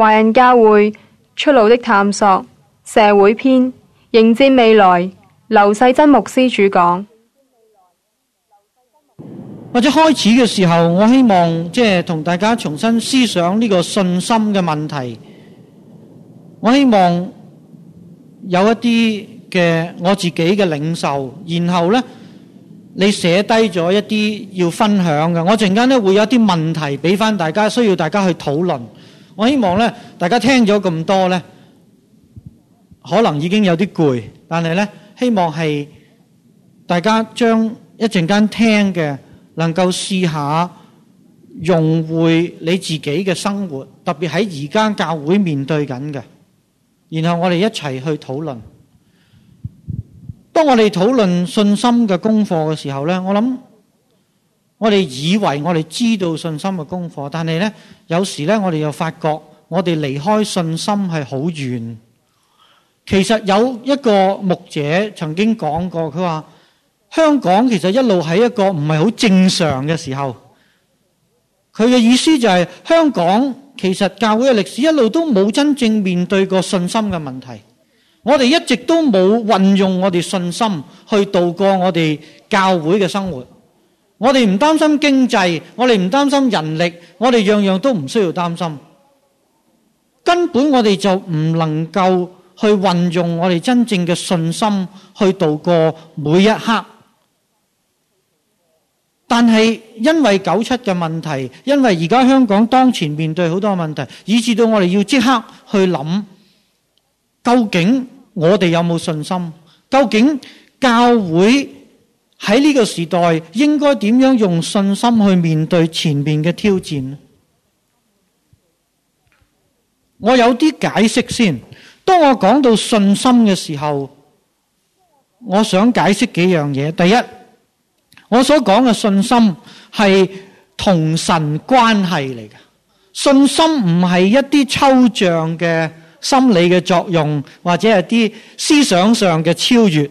華人教會出路的探索，社會篇，迎戰未來。劉世增牧師主講。或者開始嘅時候，我希望即係、就是、同大家重新思想呢個信心嘅問題。我希望有一啲嘅我自己嘅領受，然後呢，你寫低咗一啲要分享嘅。我陣間呢會有一啲問題俾翻大家，需要大家去討論。我希望咧，大家聽咗咁多咧，可能已經有啲攰，但係咧，希望係大家將一陣間聽嘅能夠試下融會你自己嘅生活，特別喺而家教會面對緊嘅，然後我哋一齊去討論。當我哋討論信心嘅功課嘅時候咧，我諗。我哋以為我哋知道信心嘅功課，但係呢，有時呢，我哋又發覺我哋離開信心係好遠。其實有一個牧者曾經講過，佢話香港其實一路喺一個唔係好正常嘅時候。佢嘅意思就係香港其實教會嘅歷史一路都冇真正面對過信心嘅問題。我哋一直都冇運用我哋信心去度過我哋教會嘅生活。我哋唔擔心經濟，我哋唔擔心人力，我哋樣樣都唔需要擔心。根本我哋就唔能夠去運用我哋真正嘅信心去度過每一刻。但係因為九七嘅問題，因為而家香港當前面對好多問題，以至到我哋要即刻去諗，究竟我哋有冇信心？究竟教會？喺呢個時代，應該點樣用信心去面對前面嘅挑戰呢？我有啲解釋先。當我講到信心嘅時候，我想解釋幾樣嘢。第一，我所講嘅信心係同神關係嚟嘅。信心唔係一啲抽象嘅心理嘅作用，或者係啲思想上嘅超越。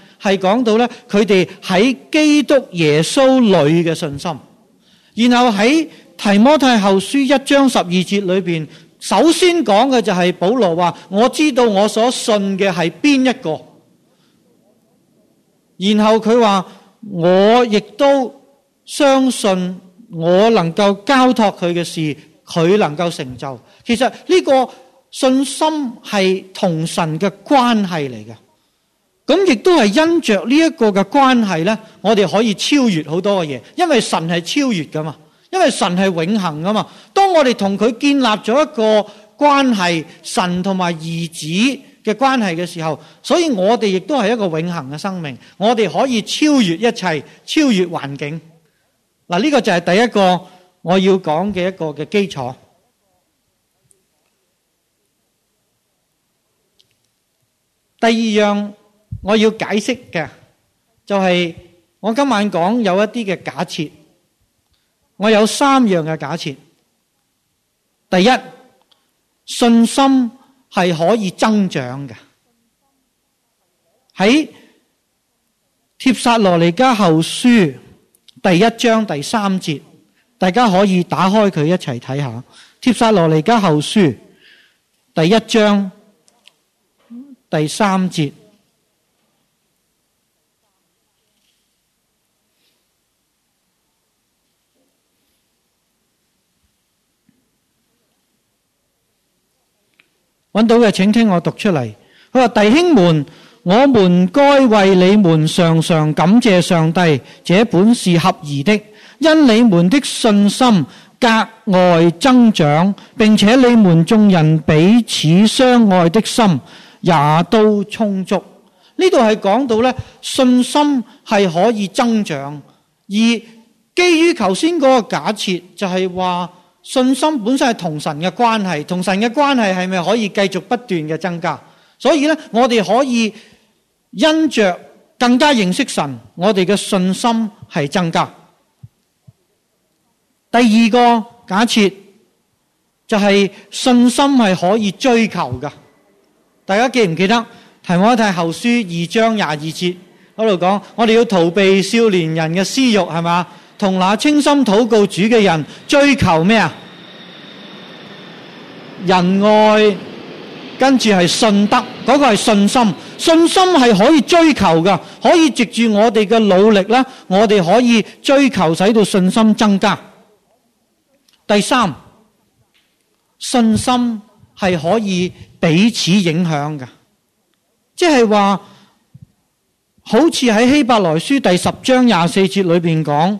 係講到咧，佢哋喺基督耶穌裏嘅信心。然後喺提摩太後書一章十二節裏邊，首先講嘅就係保羅話：我知道我所信嘅係邊一個。然後佢話我亦都相信我能夠交託佢嘅事，佢能夠成就。其實呢個信心係同神嘅關係嚟嘅。咁亦都係因着呢一個嘅關係咧，我哋可以超越好多嘅嘢，因為神係超越噶嘛，因為神係永恒噶嘛。當我哋同佢建立咗一個關係，神同埋兒子嘅關係嘅時候，所以我哋亦都係一個永恒嘅生命。我哋可以超越一切，超越環境。嗱，呢個就係第一個我要講嘅一個嘅基礎。第二樣。我要解釋嘅就係、是、我今晚講有一啲嘅假設，我有三樣嘅假設。第一，信心係可以增長嘅。喺帖撒羅尼加後書第一章第三節，大家可以打開佢一齊睇下。帖撒羅尼加後書第一章第三節。揾到嘅，請聽我讀出嚟。佢話弟兄們，我們該為你們常常感謝上帝，這本是合宜的，因你們的信心格外增長，並且你們眾人彼此相愛的心也都充足。呢度係講到咧，信心係可以增長，而基於頭先嗰個假設，就係話。信心本身係同神嘅關係，同神嘅關係係咪可以繼續不斷嘅增加？所以咧，我哋可以因着更加認識神，我哋嘅信心係增加。第二個假設就係、是、信心係可以追求噶。大家記唔記得？提摩太後書二章廿二節，喺度講我哋要逃避少年人嘅私欲，係嘛？同那清心禱告主嘅人追求咩啊？仁愛，跟住係信德，嗰、嗰個係信心。信心係可以追求㗎，可以藉住我哋嘅努力呢，我哋可以追求使到信心增加。第三，信心係可以彼此影響㗎，即係話，好似喺希伯來書第十章廿四節裏邊講。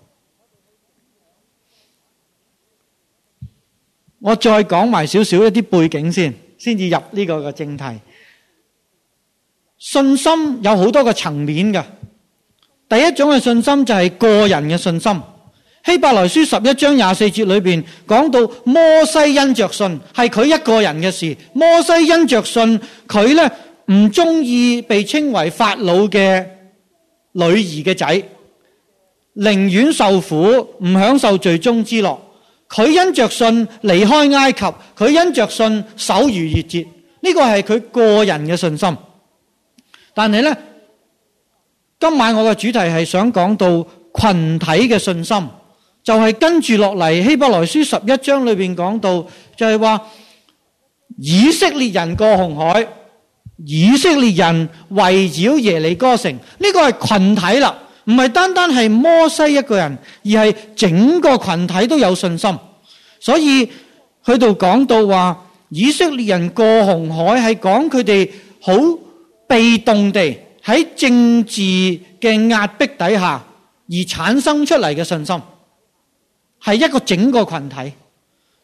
我再講埋少少一啲背景先，先至入呢個嘅正題。信心有好多個層面嘅，第一種嘅信心就係個人嘅信心。希伯來書十一章廿四節裏邊講到摩西因着信，係佢一個人嘅事。摩西因着信，佢呢唔中意被稱為法老嘅女兒嘅仔，寧願受苦，唔享受罪中之樂。佢因着信離開埃及，佢因着信守逾越節，呢、這個係佢個人嘅信心。但係呢，今晚我嘅主題係想講到群體嘅信心，就係、是、跟住落嚟希伯來書十一章裏面講到，就係、是、話以色列人過紅海，以色列人圍繞耶利哥城，呢、這個係群體啦。唔係單單係摩西一個人，而係整個群體都有信心。所以去到講到話，以色列人過紅海係講佢哋好被動地喺政治嘅壓迫底下而產生出嚟嘅信心，係一個整個群體。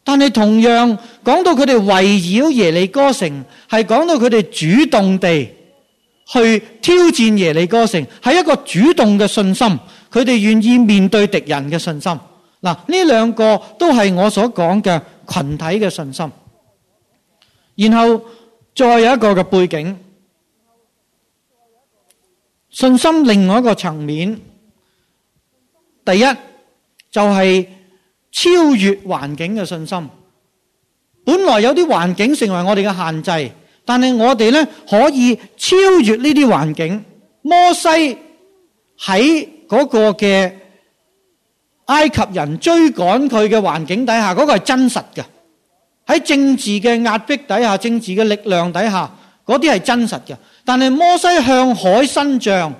但係同樣講到佢哋圍繞耶利哥城，係講到佢哋主動地。去挑戰耶利哥城，係一個主動嘅信心，佢哋願意面對敵人嘅信心。嗱，呢兩個都係我所講嘅群體嘅信心。然後再有一個嘅背景，信心另外一個層面，第一就係、是、超越環境嘅信心。本來有啲環境成為我哋嘅限制。但係我哋咧可以超越呢啲環境。摩西喺嗰個嘅埃及人追趕佢嘅環境底下，嗰個係真實嘅。喺政治嘅壓迫底下，政治嘅力量底下，嗰啲係真實嘅。但係摩西向海伸杖，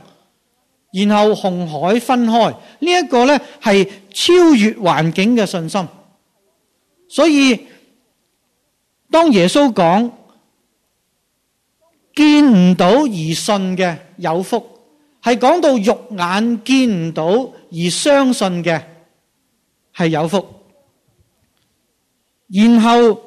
然後紅海分開，呢一個咧係超越環境嘅信心。所以當耶穌講，見唔到而信嘅有福，係講到肉眼見唔到而相信嘅係有福。然後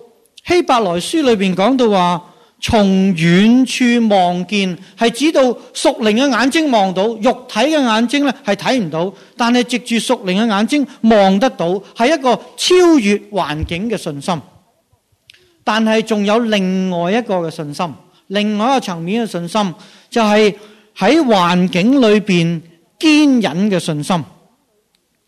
希伯來書裏邊講到話，從遠處望見係指到屬靈嘅眼睛望到，肉體嘅眼睛咧係睇唔到，但係藉住屬靈嘅眼睛望得到，係一個超越環境嘅信心。但係仲有另外一個嘅信心。另外一個層面嘅信心，就係喺環境裏邊堅忍嘅信心，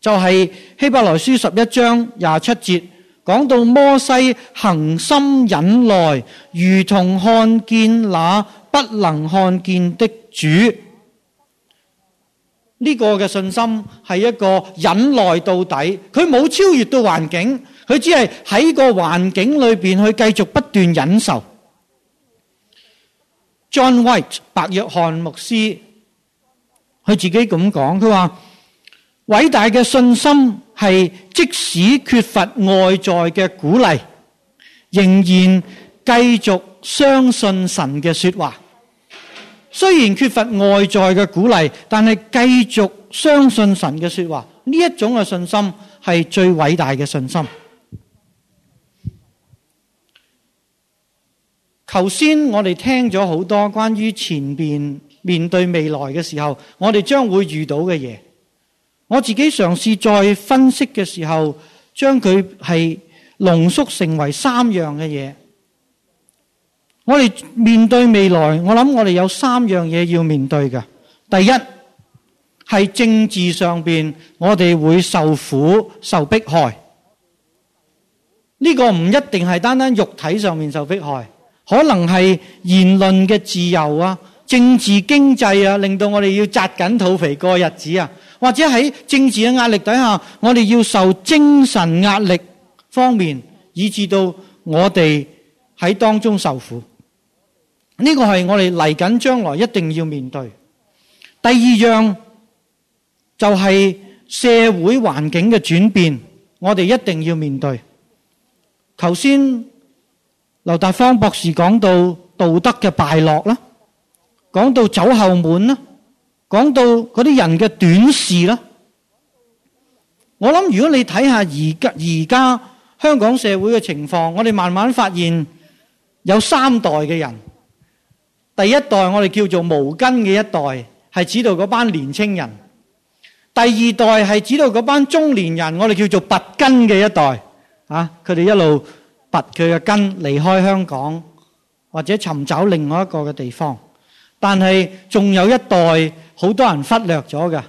就係希伯來書十一章廿七節講到摩西恒心忍耐，如同看見那不能看見的主。呢個嘅信心係一個忍耐到底，佢冇超越到環境，佢只係喺個環境裏邊去繼續不斷忍受。John White 白約翰牧師，佢自己咁講，佢話偉大嘅信心係即使缺乏外在嘅鼓勵，仍然繼續相信神嘅說話。雖然缺乏外在嘅鼓勵，但係繼續相信神嘅說話，呢一種嘅信心係最偉大嘅信心。頭先我哋聽咗好多關於前面面對未來嘅時候，我哋將會遇到嘅嘢。我自己嘗試再分析嘅時候，將佢係濃縮成為三樣嘅嘢。我哋面對未來，我諗我哋有三樣嘢要面對嘅。第一，係政治上面，我哋會受苦、受迫害。呢個唔一定係單單肉體上面受迫害。可能係言論嘅自由啊、政治經濟啊，令到我哋要紮緊肚皮過日子啊，或者喺政治嘅壓力底下，我哋要受精神壓力方面，以致到我哋喺當中受苦。呢個係我哋嚟緊將來一定要面對。第二樣就係社會環境嘅轉變，我哋一定要面對。頭先。劉達芳博士講到道德嘅敗落啦，講到走後門啦，講到嗰啲人嘅短視啦。我諗如果你睇下而家而家香港社會嘅情況，我哋慢慢發現有三代嘅人。第一代我哋叫做無根嘅一代，係指到嗰班年青人；第二代係指到嗰班中年人，我哋叫做拔根嘅一代。啊，佢哋一路。拔佢嘅根離開香港，或者尋找另外一個嘅地方。但係仲有一代好多人忽略咗嘅，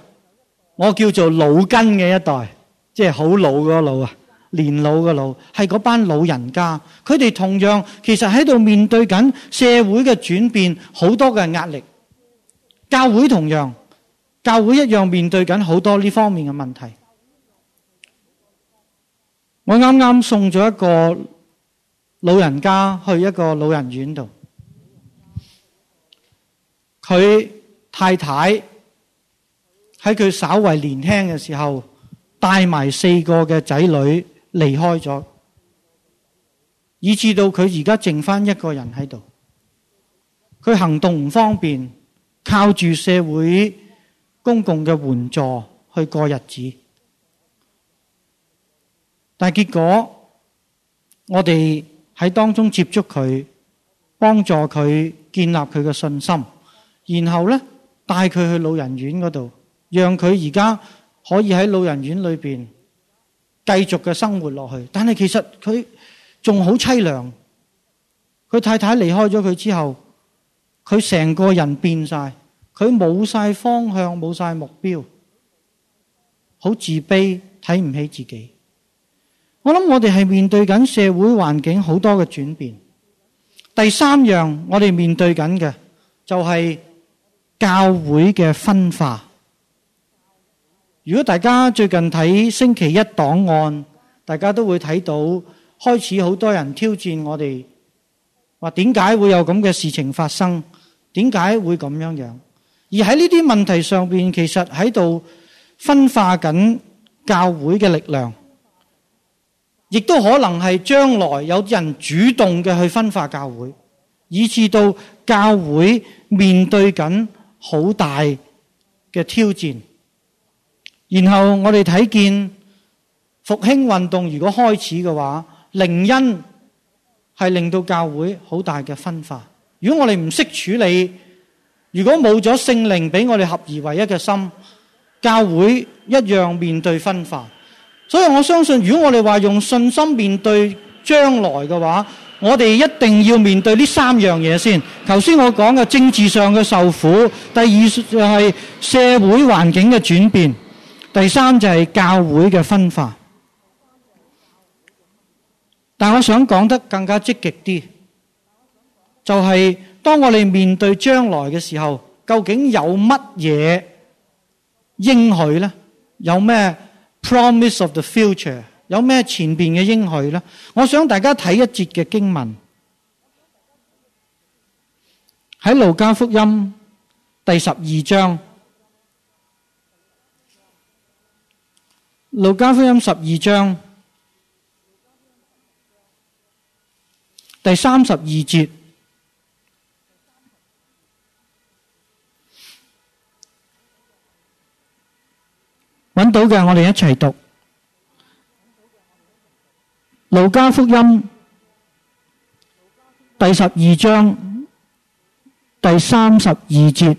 我叫做老根嘅一代，即係好老嘅老啊，年老嘅老，係嗰班老人家。佢哋同樣其實喺度面對緊社會嘅轉變，好多嘅壓力。教會同樣，教會一樣面對緊好多呢方面嘅問題。我啱啱送咗一個。老人家去一個老人院度，佢太太喺佢稍為年輕嘅時候帶埋四個嘅仔女離開咗，以至到佢而家剩翻一個人喺度。佢行動唔方便，靠住社會公共嘅援助去過日子。但結果，我哋。喺當中接觸佢，幫助佢建立佢嘅信心，然後呢，帶佢去老人院嗰度，讓佢而家可以喺老人院裏邊繼續嘅生活落去。但係其實佢仲好淒涼，佢太太離開咗佢之後，佢成個人變晒，佢冇晒方向，冇晒目標，好自卑，睇唔起自己。我諗我哋係面對緊社會環境好多嘅轉變。第三樣我哋面對緊嘅就係教會嘅分化。如果大家最近睇星期一檔案，大家都會睇到開始好多人挑戰我哋，話點解會有咁嘅事情發生？點解會咁樣樣？而喺呢啲問題上面，其實喺度分化緊教會嘅力量。亦都可能係將來有人主動嘅去分化教會，以至到教會面對緊好大嘅挑戰。然後我哋睇見復興運動如果開始嘅話，靈恩係令到教會好大嘅分化。如果我哋唔識處理，如果冇咗聖靈俾我哋合而為一嘅心，教會一樣面對分化。所以我相信，如果我哋話用信心面對將來嘅話，我哋一定要面對呢三樣嘢先。頭先我講嘅政治上嘅受苦，第二就係社會環境嘅轉變，第三就係教會嘅分化。但我想講得更加積極啲，就係當我哋面對將來嘅時候，究竟有乜嘢應許呢？有咩？Promise of the future，有咩前邊嘅應許呢？我想大家睇一節嘅經文喺路加福音第十二章，路加福音十二章第三十二節。揾到嘅，我哋一齊讀《路加福音》第十二章第三十二節：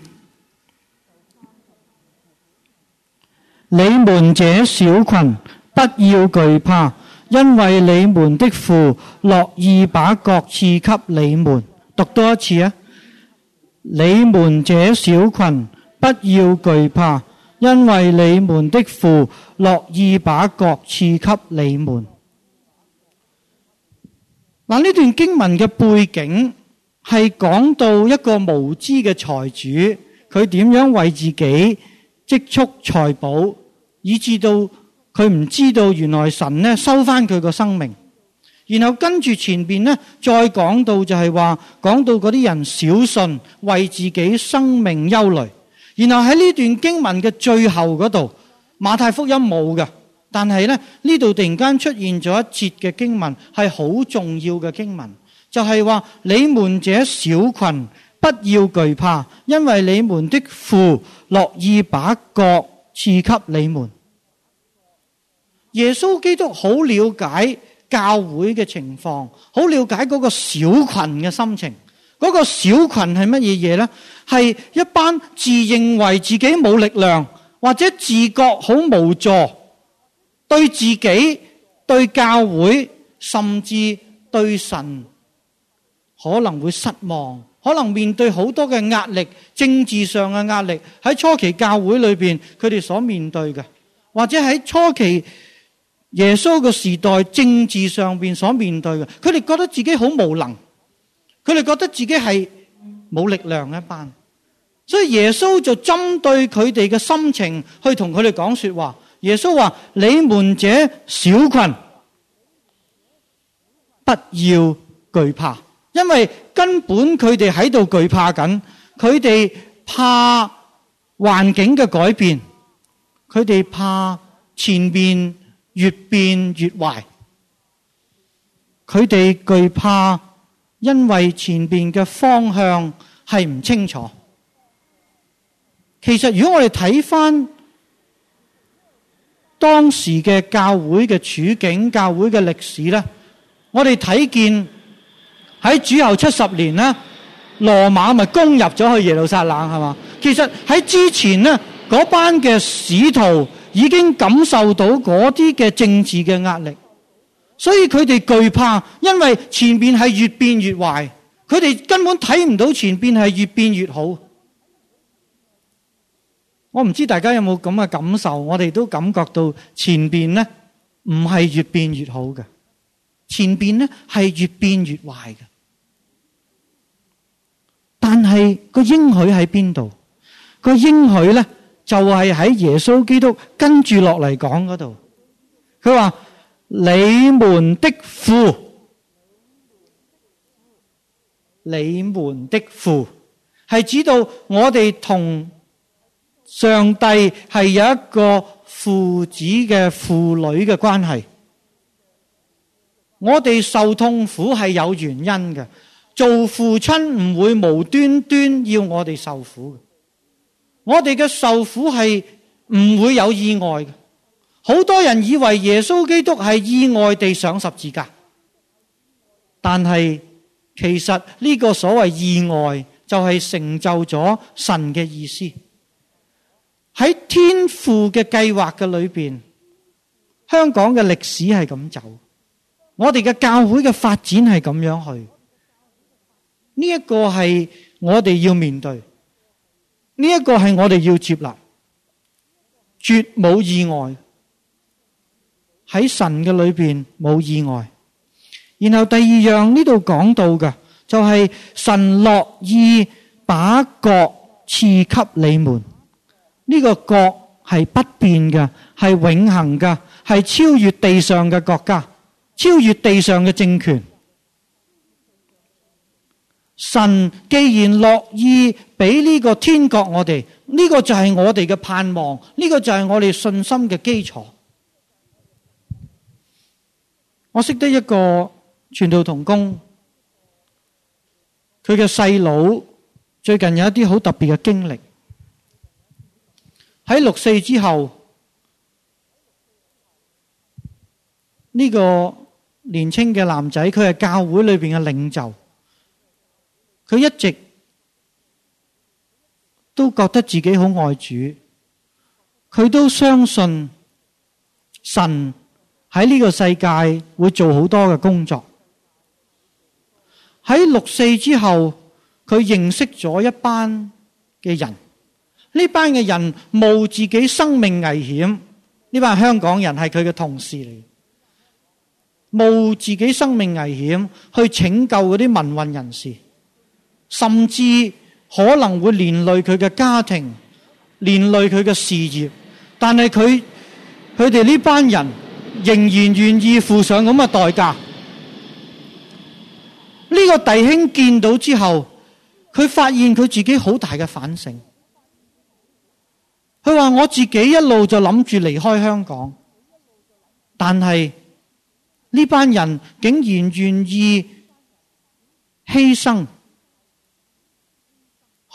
你們這小群不要懼怕，因為你們的父樂意把國賜給你們。讀多一次啊！你們這小群不要懼怕。因為你們的父樂意把國賜給你們。嗱，呢段經文嘅背景係講到一個無知嘅財主，佢點樣為自己積蓄財寶，以至到佢唔知道原來神呢收翻佢個生命。然後跟住前邊呢，再講到就係話，講到嗰啲人小信，為自己生命憂慮。然後喺呢段經文嘅最後嗰度，馬太福音冇嘅，但係咧呢度突然間出現咗一節嘅經文，係好重要嘅經文，就係話你們這小群不要懼怕，因為你們的父樂意把國賜給你們。耶穌基督好了解教會嘅情況，好了解嗰個小群嘅心情。嗰、那個小群係乜嘢嘢呢？係一班自認為自己冇力量，或者自覺好無助，對自己、對教會，甚至對神，可能會失望，可能面對好多嘅壓力，政治上嘅壓力。喺初期教會裏面，佢哋所面對嘅，或者喺初期耶穌嘅時代政治上面所面對嘅，佢哋覺得自己好無能。佢哋覺得自己係冇力量一班，所以耶穌就針對佢哋嘅心情去同佢哋講説話。耶穌話：你們這小群，不要懼怕，因為根本佢哋喺度懼怕緊。佢哋怕環境嘅改變，佢哋怕前邊越變越壞，佢哋懼怕。因為前面嘅方向係唔清楚。其實如果我哋睇翻當時嘅教會嘅處境、教會嘅歷史咧，我哋睇見喺主後七十年咧，羅馬咪攻入咗去耶路撒冷係嘛？其實喺之前咧，嗰班嘅使徒已經感受到嗰啲嘅政治嘅壓力。所以佢哋懼怕，因為前面係越變越壞，佢哋根本睇唔到前面係越變越好。我唔知大家有冇咁嘅感受，我哋都感覺到前面呢唔係越變越好嘅，前面呢係越變越壞嘅。但係個應許喺邊度？個應許呢就係喺耶穌基督跟住落嚟講嗰度，佢話。你們的父，你們的父，係指到我哋同上帝係有一個父子嘅、父女嘅關係。我哋受痛苦係有原因嘅，做父親唔會無端端要我哋受苦嘅。我哋嘅受苦係唔會有意外嘅。好多人以為耶穌基督係意外地上十字架，但係其實呢個所謂意外就係成就咗神嘅意思。喺天父嘅計劃嘅裏面，香港嘅歷史係咁走，我哋嘅教會嘅發展係咁樣去。呢一個係我哋要面對，呢一個係我哋要接納，絕冇意外。喺神嘅裏邊冇意外。然後第二樣呢度講到嘅就係神樂意把國賜給你們。呢個國係不變嘅，係永恆嘅，係超越地上嘅國家，超越地上嘅政權。神既然樂意俾呢個天國我哋，呢個就係我哋嘅盼望，呢個就係我哋信心嘅基礎。我認識得一個傳道同工，佢嘅細佬最近有一啲好特別嘅經歷。喺六四之後，呢、這個年輕嘅男仔，佢係教會裏面嘅領袖，佢一直都覺得自己好愛主，佢都相信神。喺呢個世界會做好多嘅工作。喺六四之後，佢認識咗一班嘅人。呢班嘅人冒自己生命危險，呢班香港人係佢嘅同事嚟，冒自己生命危險去拯救嗰啲民運人士，甚至可能會連累佢嘅家庭，連累佢嘅事業。但係佢，佢哋呢班人。仍然願意付上咁嘅代價。呢個弟兄見到之後，佢發現佢自己好大嘅反省。佢話：我自己一路就諗住離開香港，但係呢班人竟然願意犧牲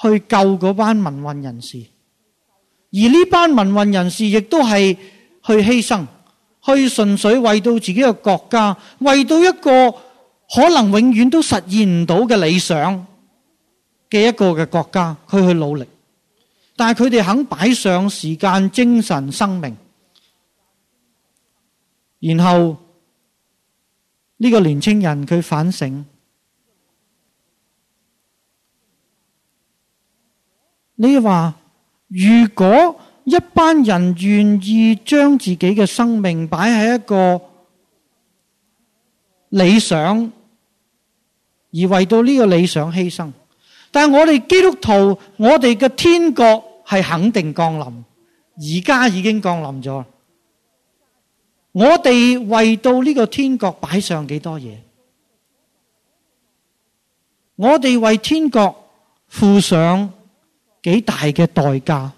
去救嗰班民運人士，而呢班民運人士亦都係去犧牲。去純粹為到自己的國家，為到一個可能永遠都實現唔到嘅理想嘅一個嘅國家，佢去努力，但係佢哋肯擺上時間、精神、生命，然後呢、呢個年青人佢反省，你話如果？一班人願意將自己嘅生命擺喺一個理想，而為到呢個理想犧牲。但係我哋基督徒，我哋嘅天國係肯定降臨，而家已經降臨咗。我哋為到呢個天國擺上幾多嘢？我哋為天國付上幾大嘅代價？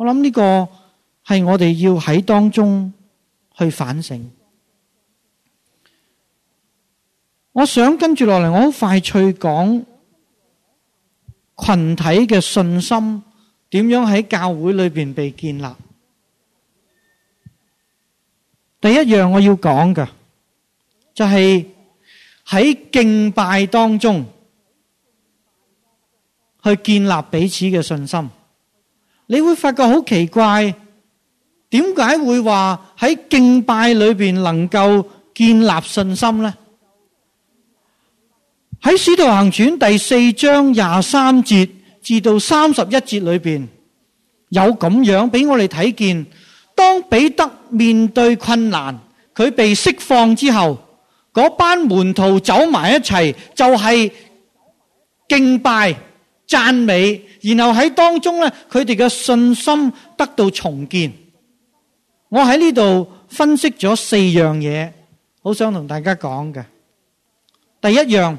我諗呢個係我哋要喺當中去反省。我想跟住落嚟，我好快脆講群體嘅信心點樣喺教會裏邊被建立。第一樣我要講嘅就係喺敬拜當中去建立彼此嘅信心。你會發覺好奇怪，點解會話喺敬拜裏邊能夠建立信心呢？喺《使徒行傳》第四章廿三節至到三十一節裏邊，有咁樣俾我哋睇見：當彼得面對困難，佢被釋放之後，嗰班門徒走埋一齊，就係敬拜讚美。然後喺當中咧，佢哋嘅信心得到重建。我喺呢度分析咗四樣嘢，好想同大家講嘅。第一樣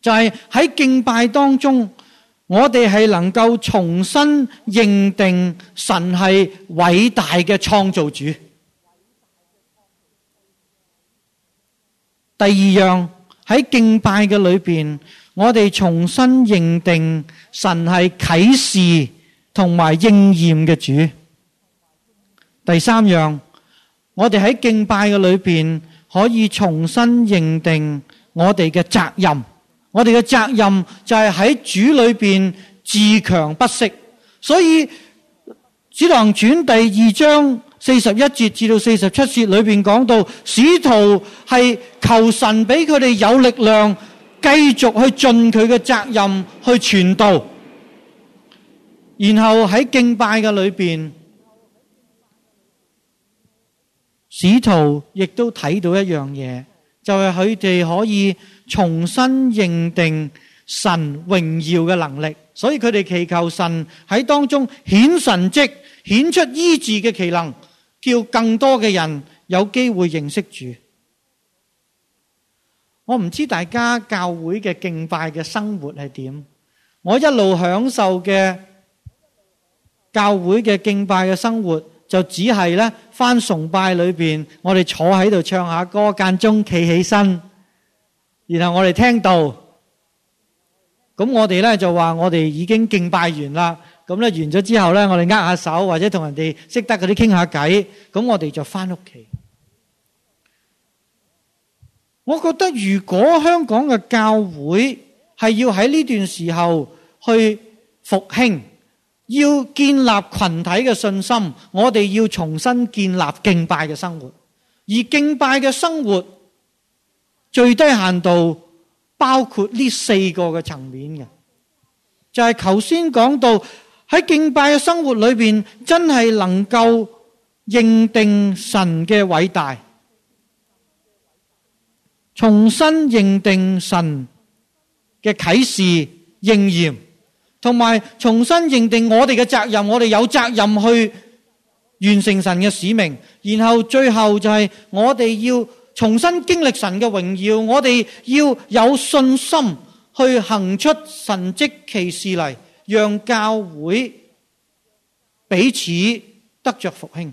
就係喺敬拜當中，我哋係能夠重新認定神係偉大嘅創造主。第二樣喺敬拜嘅裏邊。我哋重新認定神係啟示同埋應驗嘅主。第三樣，我哋喺敬拜嘅裏邊可以重新認定我哋嘅責任。我哋嘅責任就係喺主裏邊自強不息。所以《使徒行傳》第二章四十一節至到四十七節裏邊講到，使徒係求神俾佢哋有力量。繼續去盡佢嘅責任去傳道，然後喺敬拜嘅裏邊，使徒亦都睇到一樣嘢，就係佢哋可以重新認定神榮耀嘅能力，所以佢哋祈求神喺當中顯神蹟，顯出醫治嘅奇能，叫更多嘅人有機會認識主。我唔知大家教會嘅敬拜嘅生活係點，我一路享受嘅教會嘅敬拜嘅生活就只係咧翻崇拜裏邊，我哋坐喺度唱下歌，間中企起身，然後我哋聽到。咁我哋咧就話我哋已經敬拜完啦，咁咧完咗之後咧，我哋握下手或者同人哋識得嗰啲傾下偈，咁我哋就翻屋企。我覺得如果香港嘅教會係要喺呢段時候去復興，要建立群體嘅信心，我哋要重新建立敬拜嘅生活，而敬拜嘅生活最低限度包括呢四個嘅層面嘅，就係頭先講到喺敬拜嘅生活裏邊，真係能夠認定神嘅偉大。重新認定神嘅啟示應驗，同埋重新認定我哋嘅責任，我哋有責任去完成神嘅使命。然後最後就係我哋要重新經歷神嘅榮耀，我哋要有信心去行出神蹟奇事嚟，讓教會彼此得着復興。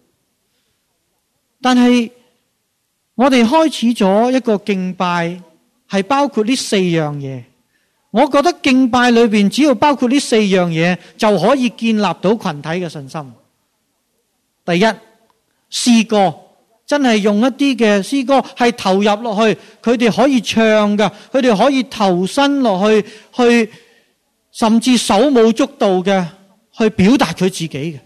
但係我哋開始咗一個敬拜，係包括呢四樣嘢。我覺得敬拜裏邊只要包括呢四樣嘢，就可以建立到群體嘅信心。第一，詩歌真係用一啲嘅詩歌係投入落去，佢哋可以唱㗎，佢哋可以投身落去，去甚至手舞足蹈嘅去表達佢自己嘅。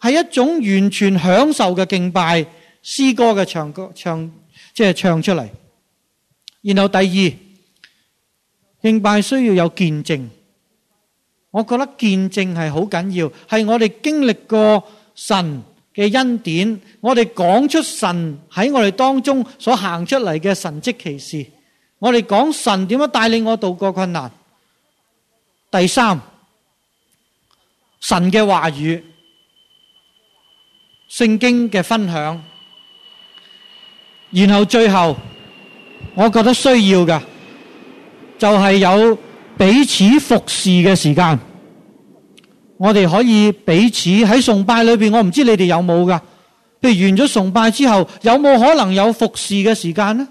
係一種完全享受嘅敬拜詩歌嘅唱歌唱，即係、就是、唱出嚟。然後第二，敬拜需要有見證，我覺得見證係好緊要，係我哋經歷過神嘅恩典，我哋講出神喺我哋當中所行出嚟嘅神蹟奇事，我哋講神點樣帶領我度過困難。第三，神嘅話語。聖經嘅分享，然後最後我覺得需要嘅就係、是、有彼此服侍嘅時間。我哋可以彼此喺崇拜裏邊，我唔知你哋有冇噶？譬如完咗崇拜之後，有冇可能有服侍嘅時間呢？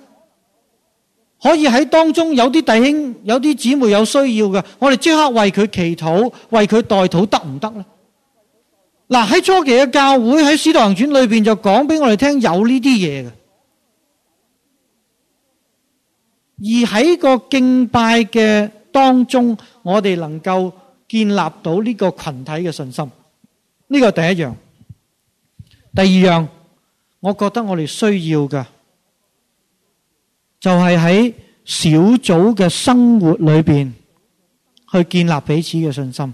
可以喺當中有啲弟兄、有啲姊妹有需要嘅，我哋即刻為佢祈禱、為佢代禱得唔得？嗱，喺初期嘅教會喺《使徒行傳》裏邊就講俾我哋聽有呢啲嘢嘅。而喺個敬拜嘅當中，我哋能夠建立到呢個群體嘅信心，呢個第一樣。第二樣，我覺得我哋需要嘅就係喺小組嘅生活裏邊去建立彼此嘅信心。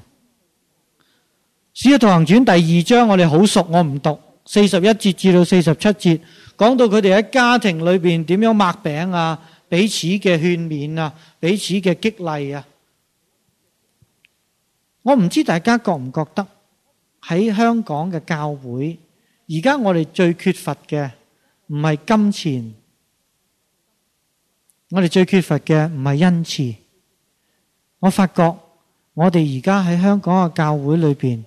《使徒行傳》第二章，我哋好熟，我唔讀四十一節至到四十七節，講到佢哋喺家庭裏邊點樣擘餅啊，彼此嘅勸勉啊，彼此嘅激勵啊。我唔知大家覺唔覺得喺香港嘅教會，而家我哋最缺乏嘅唔係金錢，我哋最缺乏嘅唔係恩賜。我發覺我哋而家喺香港嘅教會裏邊。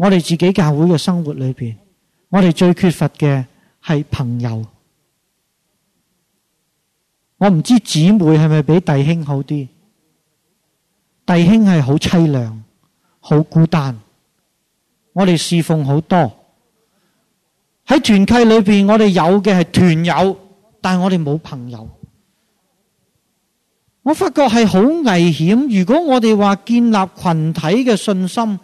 我哋自己教會嘅生活裏邊，我哋最缺乏嘅係朋友。我唔知姊妹係咪比弟兄好啲？弟兄係好淒涼，好孤單。我哋侍奉好多。喺團契裏邊，我哋有嘅係團友，但係我哋冇朋友。我發覺係好危險。如果我哋話建立群體嘅信心。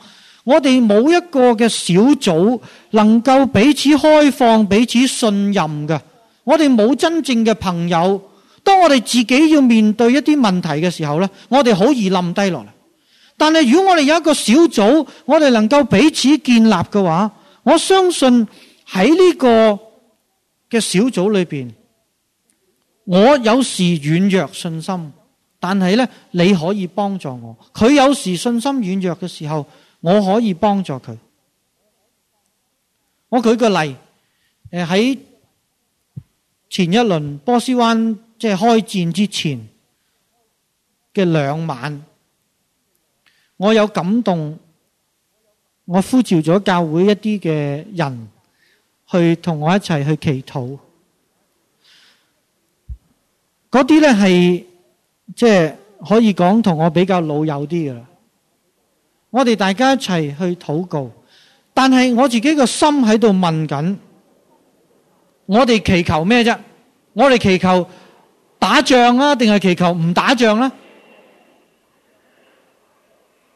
我哋冇一個嘅小組能夠彼此開放、彼此信任嘅。我哋冇真正嘅朋友。當我哋自己要面對一啲問題嘅時候咧，我哋好易冧低落嚟。但係如果我哋有一個小組，我哋能夠彼此建立嘅話，我相信喺呢個嘅小組裏邊，我有時軟弱信心，但係咧你可以幫助我。佢有時信心軟弱嘅時候。我可以幫助佢。我舉個例，誒喺前一輪波斯灣即係開戰之前嘅兩晚，我有感動，我呼召咗教會一啲嘅人去同我一齊去祈禱。嗰啲咧係即係可以講同我比較老友啲嘅啦。我哋大家一齊去禱告，但係我自己個心喺度問緊：我哋祈求咩啫？我哋祈求打仗啊，定係祈求唔打仗呢？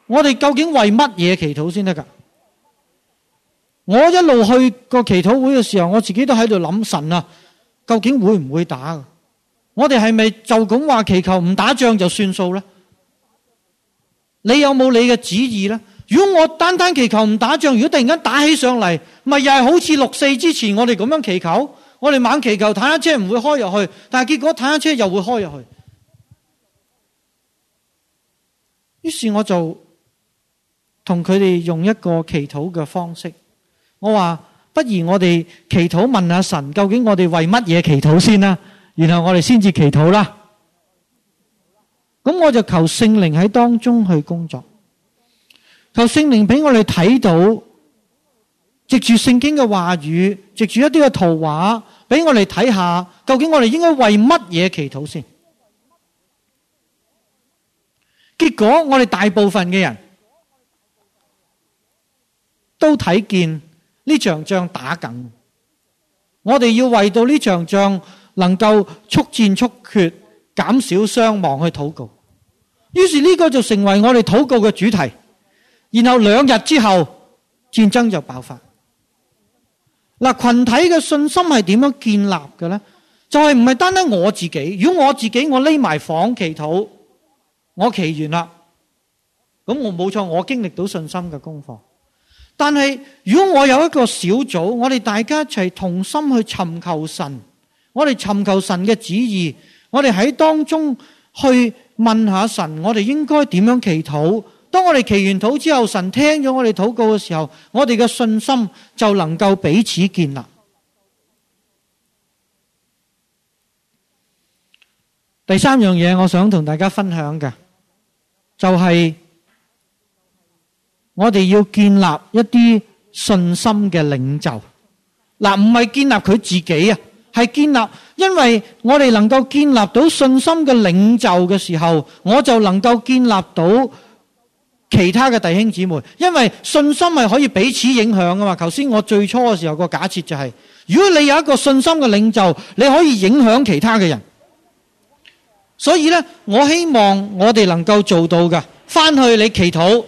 我哋究竟為乜嘢祈禱先得噶？我一路去個祈禱會嘅時候，我自己都喺度諗：神啊，究竟會唔會打？我哋係咪就咁話祈求唔打仗就算數呢？你有冇有你嘅旨意呢？如果我單單祈求唔打仗，如果突然間打起上嚟，咪又係好似六四之前我哋咁樣祈求，我哋猛祈求坦克車唔會開入去，但係結果坦克車又會開入去。於是我就同佢哋用一個祈禱嘅方式，我話不如我哋祈禱問下神，究竟我哋為乜嘢祈禱先啦、啊？然後我哋先至祈禱啦。咁我就求聖靈喺當中去工作，求聖靈俾我哋睇到，藉住聖經嘅話語，藉住一啲嘅圖畫，俾我哋睇下，究竟我哋應該為乜嘢祈禱先？結果我哋大部分嘅人都睇見呢場仗打緊，我哋要為到呢場仗能夠速戰速決。減少傷亡去禱告，於是呢個就成為我哋禱告嘅主題。然後兩日之後，戰爭就爆發。嗱，群體嘅信心係點樣建立嘅呢？就係唔係單單我自己？如果我自己我匿埋房祈禱，我祈完啦，咁我冇錯，我經歷到信心嘅功課。但係如果我有一個小組，我哋大家一齊同心去尋求神，我哋尋求神嘅旨意。我哋喺當中去問下神，我哋應該點樣祈禱？當我哋祈完禱之後，神聽咗我哋禱告嘅時候，我哋嘅信心就能夠彼此建立。第三樣嘢，我想同大家分享嘅就係我哋要建立一啲信心嘅領袖，嗱，唔係建立佢自己啊，係建立。因為我哋能夠建立到信心嘅領袖嘅時候，我就能夠建立到其他嘅弟兄姊妹。因為信心係可以彼此影響噶嘛。頭先我最初嘅時候個假設就係，如果你有一個信心嘅領袖，你可以影響其他嘅人。所以呢，我希望我哋能夠做到噶。返去你祈禱，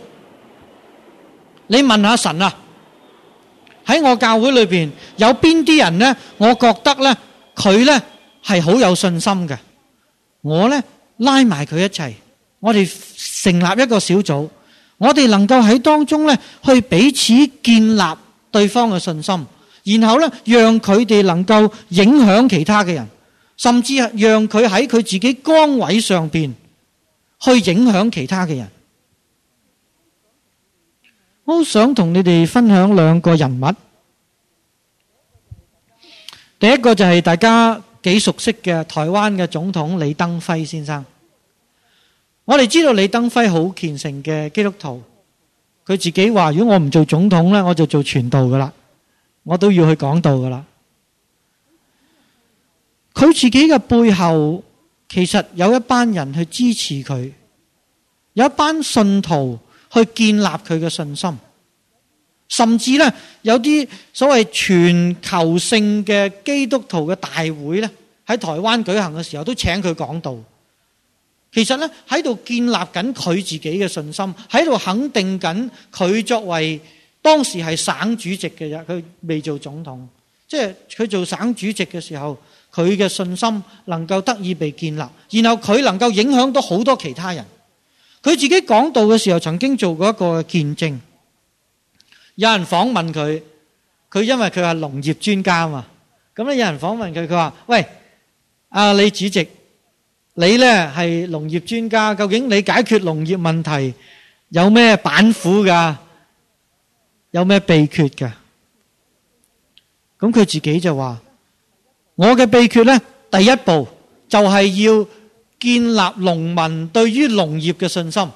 你問下神啊，喺我教會裏邊有邊啲人呢？我覺得呢。佢呢係好有信心嘅，我呢，拉埋佢一齊，我哋成立一個小組，我哋能夠喺當中呢去彼此建立對方嘅信心，然後呢讓佢哋能夠影響其他嘅人，甚至係讓佢喺佢自己崗位上面去影響其他嘅人。好想同你哋分享兩個人物。第一個就係大家幾熟悉嘅台灣嘅總統李登輝先生，我哋知道李登輝好虔誠嘅基督徒，佢自己話，如果我唔做總統呢，我就做傳道噶啦，我都要去講道噶啦。佢自己嘅背後其實有一班人去支持佢，有一班信徒去建立佢嘅信心。甚至呢，有啲所謂全球性嘅基督徒嘅大會呢，喺台灣舉行嘅時候，都請佢講道。其實呢，喺度建立緊佢自己嘅信心，喺度肯定緊佢作為當時係省主席嘅人。佢未做總統，即係佢做省主席嘅時候，佢嘅信心能夠得以被建立，然後佢能夠影響到好多其他人。佢自己講道嘅時候，曾經做過一個見證。有人訪問佢，佢因為佢係農業專家嘛，咁咧有人訪問佢，佢話：喂，阿、啊、李主席，你呢係農業專家，究竟你解決農業問題有咩板斧噶，有咩秘訣噶？咁佢自己就話：我嘅秘訣呢，第一步就係要建立農民對於農業嘅信心。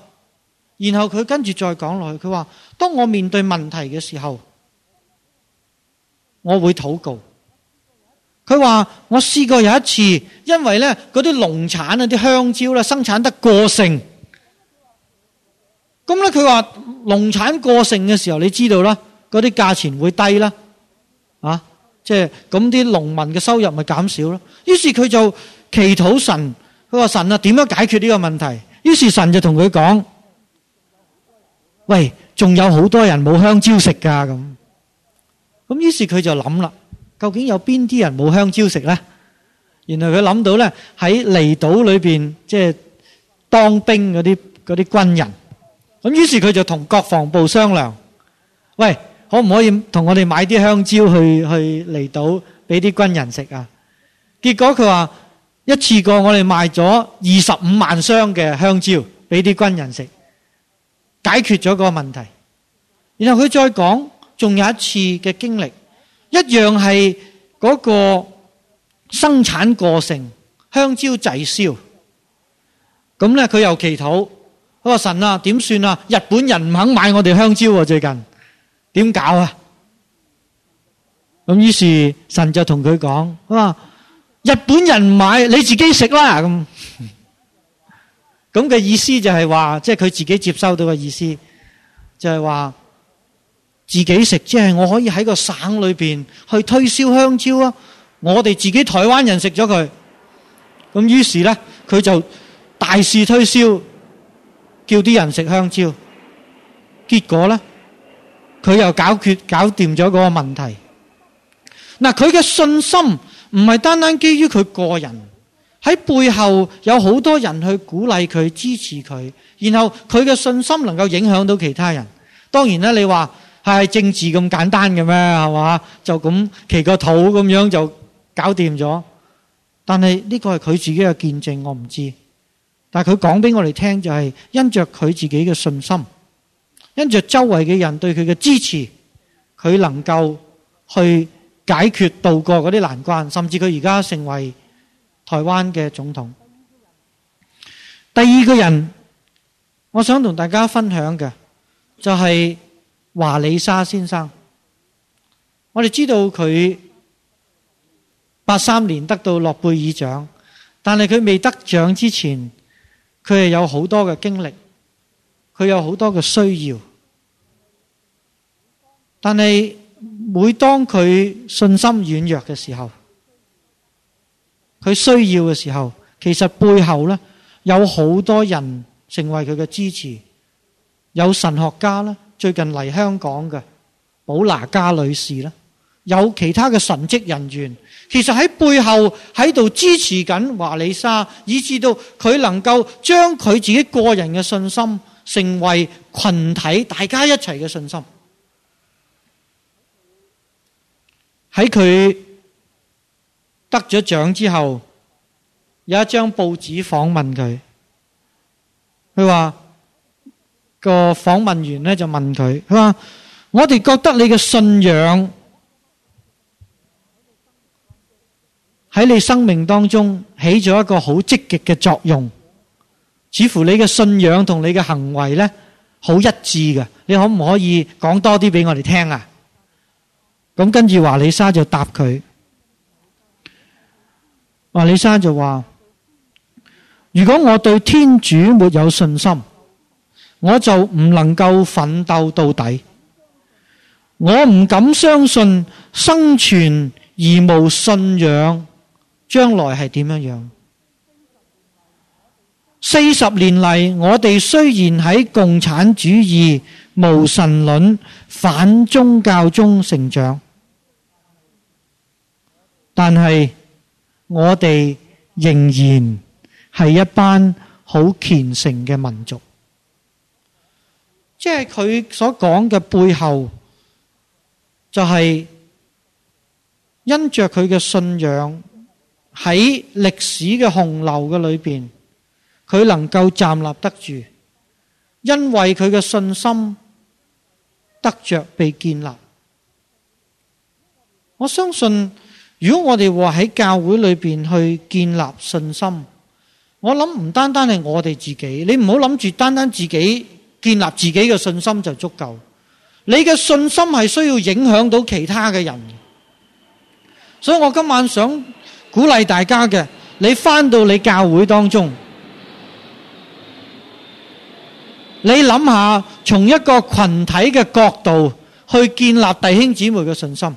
然後佢跟住再講落去，佢話：當我面對問題嘅時候，我會禱告。佢話我試過有一次，因為呢嗰啲農產啊，啲香蕉啦，生產得過剩，咁呢，佢話農產過剩嘅時候，你知道啦，嗰啲價錢會低啦，啊，即係咁啲農民嘅收入咪減少咯。於是佢就祈禱神，佢話神啊，點樣解決呢個問題？於是神就同佢講。喂，仲有好多人冇香蕉食噶咁，咁於是佢就諗啦，究竟有邊啲人冇香蕉食呢？原來佢諗到呢，喺離島裏邊，即係當兵嗰啲嗰啲軍人，咁於是佢就同國防部商量，喂，可唔可以同我哋買啲香蕉去去離島俾啲軍人食啊？結果佢話一次過我哋賣咗二十五萬箱嘅香蕉俾啲軍人食。解決咗個問題，然後佢再講，仲有一次嘅經歷，一樣係嗰個生產過程，香蕉滯銷。咁咧，佢又祈禱，佢話神啊，點算啊？日本人唔肯買我哋香蕉啊，最近點搞啊？咁於是神就同佢講：，哇，日本人買，你自己食啦咁。咁嘅意思就係話，即係佢自己接收到嘅意思，就係話自己食，即係我可以喺個省裏邊去推銷香蕉啊！我哋自己台灣人食咗佢，咁於是呢，佢就大肆推銷，叫啲人食香蕉。結果呢，佢又搞掂搞掂咗嗰個問題。嗱，佢嘅信心唔係單單基於佢個人。喺背後有好多人去鼓勵佢、支持佢，然後佢嘅信心能夠影響到其他人。當然啦，你話係、哎、政治咁簡單嘅咩？係嘛？就咁騎個肚咁樣就搞掂咗。但係呢、這個係佢自己嘅見證，我唔知道。但係佢講俾我哋聽就係、是，因着佢自己嘅信心，因着周圍嘅人對佢嘅支持，佢能夠去解決度過嗰啲難關，甚至佢而家成為。台灣嘅總統，第二個人，我想同大家分享嘅就係華里沙先生。我哋知道佢八三年得到諾貝爾獎，但係佢未得獎之前，佢係有好多嘅經歷，佢有好多嘅需要，但係每當佢信心軟弱嘅時候。佢需要嘅時候，其實背後呢，有好多人成為佢嘅支持，有神學家啦，最近嚟香港嘅保拿加女士啦，有其他嘅神職人員，其實喺背後喺度支持緊華理沙，以至到佢能夠將佢自己個人嘅信心成為群體，大家一齊嘅信心喺佢。在他得咗獎之後，有一張報紙訪問佢，佢話，個訪問員咧就問佢，佢話我哋覺得你嘅信仰喺你生命當中起咗一個好積極嘅作用，似乎你嘅信仰同你嘅行為呢，好一致嘅，你可唔可以講多啲俾我哋聽啊？咁跟住華麗莎就答佢。話李生就話：如果我對天主沒有信心，我就唔能夠奮鬥到底。我唔敢相信生存而無信仰，將來係點樣樣？四十年嚟，我哋雖然喺共產主義、無神論、反宗教中成長，但係。我哋仍然係一班好虔誠嘅民族，即係佢所講嘅背後，就係因着佢嘅信仰喺歷史嘅洪流嘅裏邊，佢能夠站立得住，因為佢嘅信心得着被建立。我相信。如果我哋話喺教會裏邊去建立信心，我諗唔單單係我哋自己，你唔好諗住單單自己建立自己嘅信心就足夠。你嘅信心係需要影響到其他嘅人。所以我今晚想鼓勵大家嘅，你返到你教會當中，你諗下從一個群體嘅角度去建立弟兄姊妹嘅信心。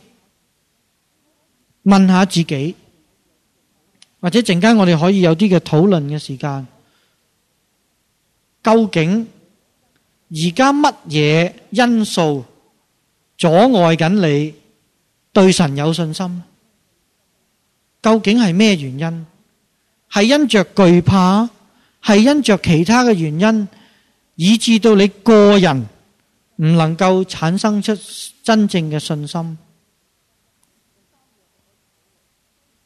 問下自己，或者陣間我哋可以有啲嘅討論嘅時間。究竟而家乜嘢因素阻礙緊你對神有信心？究竟係咩原因？係因着懼怕，係因着其他嘅原因，以致到你個人唔能夠產生出真正嘅信心。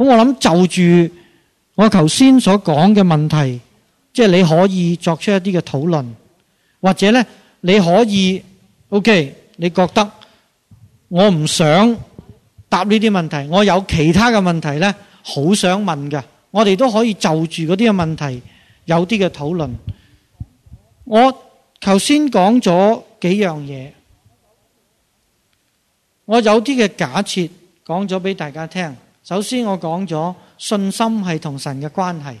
咁我諗就住我頭先所講嘅問題，即係你可以作出一啲嘅討論，或者呢你可以，OK，你覺得我唔想答呢啲問題，我有其他嘅問題呢，好想問㗎，我哋都可以就住嗰啲嘅問題有啲嘅討論。我頭先講咗幾樣嘢，我有啲嘅假設講咗俾大家聽。首先我講咗信心係同神嘅關係，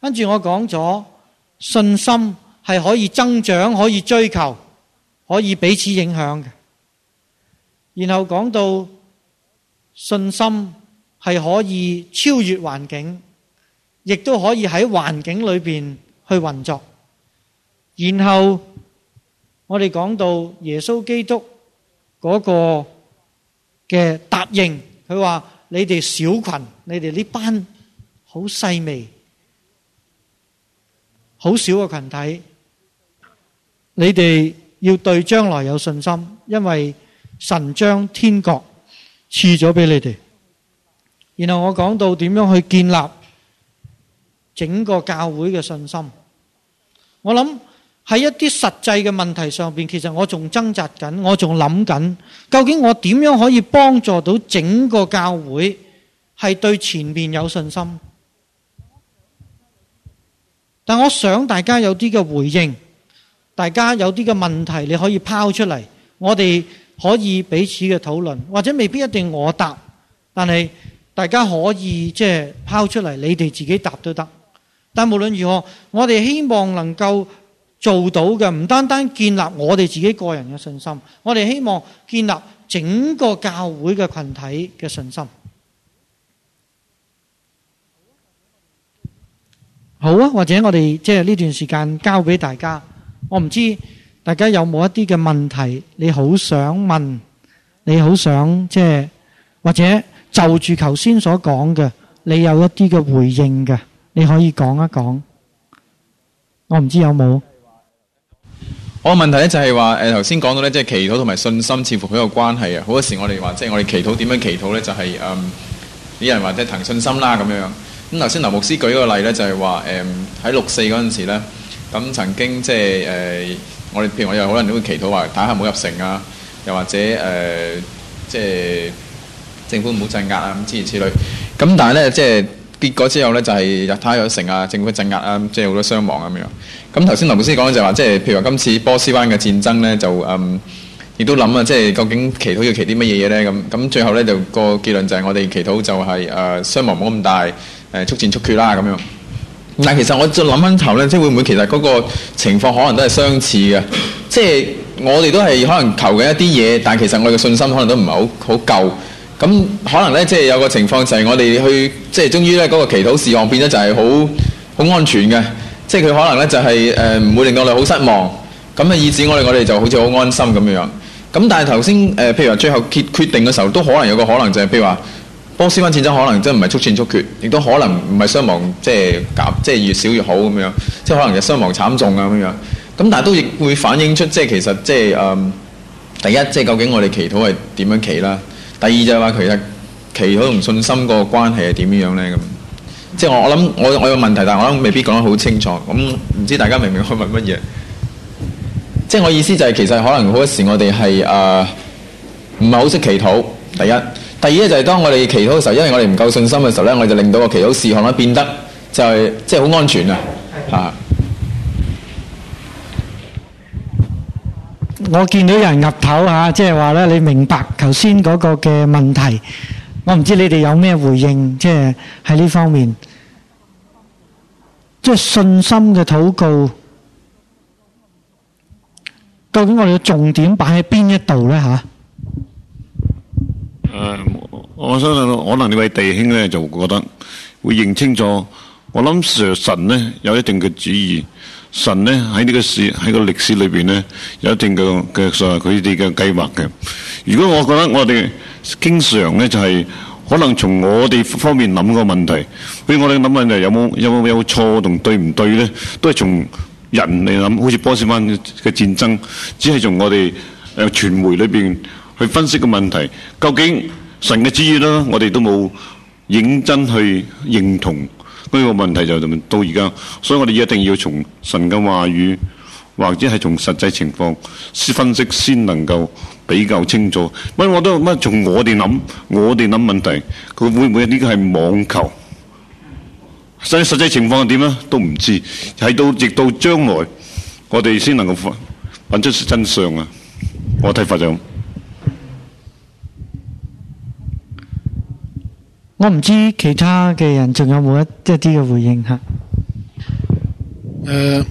跟住我講咗信心係可以增長，可以追求，可以彼此影響嘅。然後講到信心係可以超越環境，亦都可以喺環境裏邊去運作。然後我哋講到耶穌基督嗰個嘅答應，佢話。你哋小群，你哋呢班好細微、好小嘅群體，你哋要對將來有信心，因為神將天國賜咗俾你哋。然後我講到點樣去建立整個教會嘅信心，我諗。喺一啲實際嘅問題上面，其實我仲掙扎緊，我仲諗緊究竟我點樣可以幫助到整個教會係對前面有信心？但我想大家有啲嘅回應，大家有啲嘅問題，你可以拋出嚟，我哋可以彼此嘅討論，或者未必一定我答，但係大家可以即係拋出嚟，你哋自己答都得。但無論如何，我哋希望能夠做到嘅唔單單建立我哋自己個人嘅信心，我哋希望建立整個教會嘅群體嘅信心。好啊，或者我哋即係呢段時間交俾大家。我唔知大家有冇一啲嘅問題，你好想問，你好想即係或者就住頭先所講嘅，你有一啲嘅回應嘅，你可以講一講。我唔知有冇。我問題咧就係話，誒、呃，頭先講到咧，即係祈禱同埋信心，似乎好有關係啊。好多時我哋話，即係我哋祈禱點樣祈禱咧，就係，嗯，啲人話「即係憑信心啦」咁樣。咁頭先劉牧師舉嗰個例咧，就係話，誒，喺六四嗰陣時咧，咁曾經即係，誒、呃，我哋譬如我有可能都會祈禱話，打下唔好入城啊，又或者，誒、呃，即係政府唔好鎮壓啊，咁諸如此類。咁但係咧，即係結果之後咧，就係日他有城啊，政府鎮壓啊，即係好多傷亡咁樣。咁頭先林老師講咧就話、是，即係譬如話今次波斯灣嘅戰爭呢，就嗯，亦都諗啊，即、就、係、是、究竟祈禱要祈啲乜嘢嘢呢？咁咁最後呢，就、個結論就係我哋祈禱就係、是、誒、呃、傷亡冇咁大，誒、呃、速戰速決啦咁樣。但其實我再諗翻頭呢，即係會唔會其實嗰個情況可能都係相似嘅？即、就、係、是、我哋都係可能求緊一啲嘢，但其實我哋嘅信心可能都唔係好好夠。咁可能呢，即、就、係、是、有個情況就係我哋去即係、就是、終於呢，嗰個祈禱事項變咗就係好好安全嘅。即係佢可能呢，就係誒唔會令到我哋好失望，咁以至我哋我哋就好似好安心咁樣。咁但係頭先譬如話最後決定嘅時候，都可能有個可能就係、是、譬如話，波斯灣戰爭可能真係唔係速戰速決，亦都可能唔係傷亡，即係減，即係越少越好咁樣。即係可能就傷亡慘重啊咁樣。咁但係都亦會反映出即係其實即係誒第一即係究竟我哋祈禱係點樣祈啦？第二就係話其實祈禱同信心個關係係點樣呢？咁。即係我我諗我我有問題，但係我諗未必講得好清楚。咁唔知大家明唔明我問乜嘢？即係我意思就係其實可能好多時我哋係誒唔係好識祈禱。第一，第二咧就係當我哋祈禱嘅時候，因為我哋唔夠信心嘅時候咧，我哋就令到個祈禱事項咧變得就係即係好安全啊！嚇！我見到有人岌頭嚇，即係話咧你明白頭先嗰個嘅問題。我唔知你哋有咩回應，即係喺呢方面，即係信心嘅禱告，究竟我哋嘅重點擺喺邊一度咧？吓，誒，我相信可能呢位弟兄咧就會覺得會認清楚，我諗神咧有一定嘅旨意。神呢喺呢個史喺個歷史裏邊呢，有一定嘅嘅所謂佢哋嘅計劃嘅。如果我覺得我哋經常呢就係可能從我哋方面諗個問題，譬如我哋諗問題有冇有冇有錯同對唔對呢，都係從人嚟諗，好似波斯灣嘅戰爭，只係從我哋誒傳媒裏邊去分析個問題，究竟神嘅旨意啦，我哋都冇認真去認同。呢、這個問題就到而家，所以我哋一定要從神嘅話語，或者係從實際情況分析，先能夠比較清楚。乜我都乜從我哋諗，我哋諗問題，佢會唔會呢個係網球？所以實際情況係點咧都唔知道，係到直到將來，我哋先能夠揾出真相啊！我睇法就我唔知其他嘅人仲有冇一即係啲嘅回應吓。誒、呃，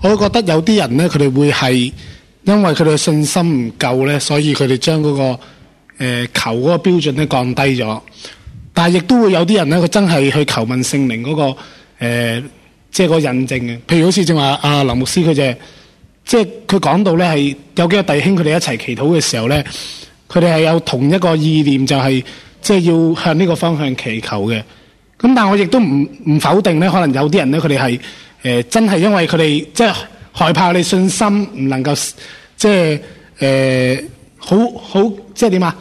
我覺得有啲人咧，佢哋，會係因為佢哋信心唔夠咧，所以佢哋將嗰、那個誒、呃、求嗰個標準咧降低咗。但係亦都會有啲人咧，佢真係去求問聖靈嗰、那個誒、即、呃、係、就是、個印證嘅。譬如好似正話阿林牧師佢就是，即係佢講到咧係有幾個弟兄佢哋一齊祈禱嘅時候咧，佢哋係有同一個意念就係、是。即係要向呢個方向祈求嘅，咁但係我亦都唔唔否定咧，可能有啲人咧，佢哋係誒真係因為佢哋即係害怕你信心唔能夠即係誒、呃、好好即係點啊？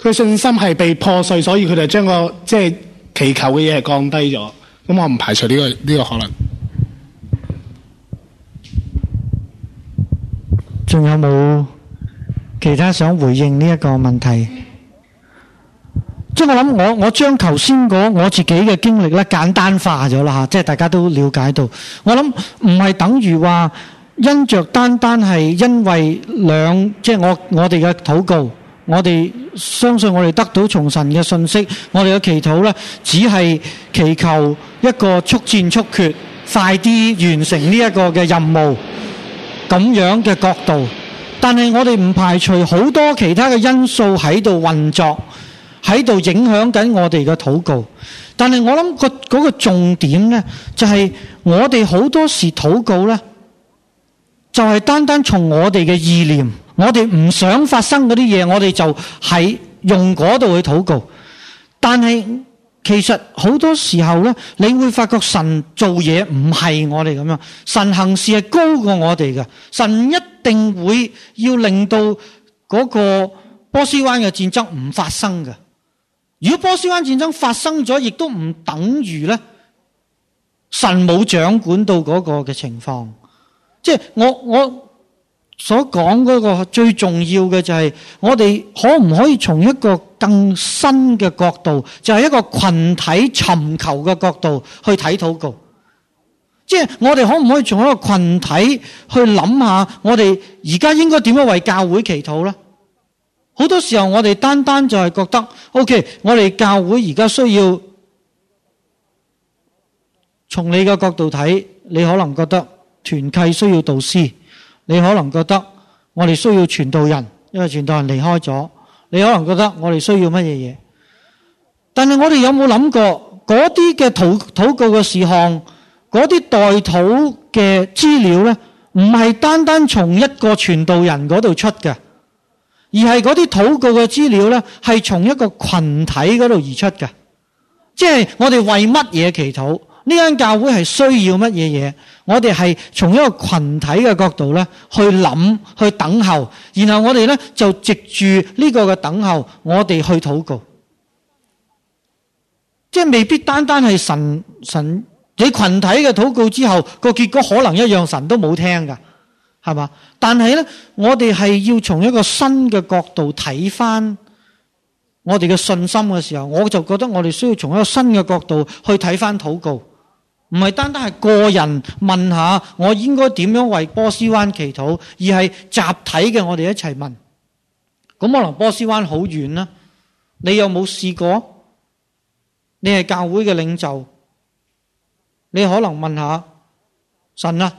佢信心係被破碎，所以佢就將個即係祈求嘅嘢係降低咗。咁我唔排除呢個呢個可能。仲有冇其他想回應呢一個問題？即我諗，我我將頭先嗰我自己嘅經歷咧簡單化咗啦嚇，即係大家都了解到。我諗唔係等於話，因着單單係因為兩，即係我我哋嘅禱告，我哋相信我哋得到從神嘅信息，我哋嘅祈禱咧，只係祈求一個速戰速決，快啲完成呢一個嘅任務咁樣嘅角度。但係我哋唔排除好多其他嘅因素喺度運作。.喺度影響緊我哋嘅禱告，但係我諗個嗰個重點呢，就係、是、我哋好多時禱告呢，就係、是、單單從我哋嘅意念，我哋唔想發生嗰啲嘢，我哋就喺用嗰度去禱告。但係其實好多時候呢，你會發覺神做嘢唔係我哋咁樣，神行事係高過我哋嘅，神一定會要令到嗰個波斯灣嘅戰爭唔發生嘅。如果波斯灣戰爭發生咗，亦都唔等於咧神冇掌管到嗰個嘅情況。即係我我所講嗰個最重要嘅就係，我哋可唔可以從一個更新嘅角度，就係一個群體尋求嘅角度去睇禱告。即係我哋可唔可以從一個群體去諗下，我哋而家應該點樣為教會祈禱咧？好多時候我哋單單就係覺得，O.K. 我哋教會而家需要從你嘅角度睇，你可能覺得團契需要導師，你可能覺得我哋需要傳道人，因為傳道人離開咗，你可能覺得我哋需要乜嘢嘢？但係我哋有冇諗過嗰啲嘅禱告嘅事項，嗰啲代禱嘅資料呢，唔係單單從一個傳道人嗰度出嘅？而係嗰啲禱告嘅資料呢，係從一個群體嗰度而出嘅，即係我哋為乜嘢祈禱？呢間教會係需要乜嘢嘢？我哋係從一個群體嘅角度呢去諗，去等候，然後我哋呢，就藉住呢個嘅等候，我哋去禱告。即係未必單單係神，神，你群體嘅禱告之後，個結果可能一樣，神都冇聽噶。係嘛？但係咧，我哋係要從一個新嘅角度睇翻我哋嘅信心嘅時候，我就覺得我哋需要從一個新嘅角度去睇翻禱告，唔係單單係個人問下我應該點樣為波斯灣祈禱，而係集體嘅我哋一齊問。咁可能波斯灣好遠啦，你有冇試過？你係教會嘅領袖，你可能問下神啊。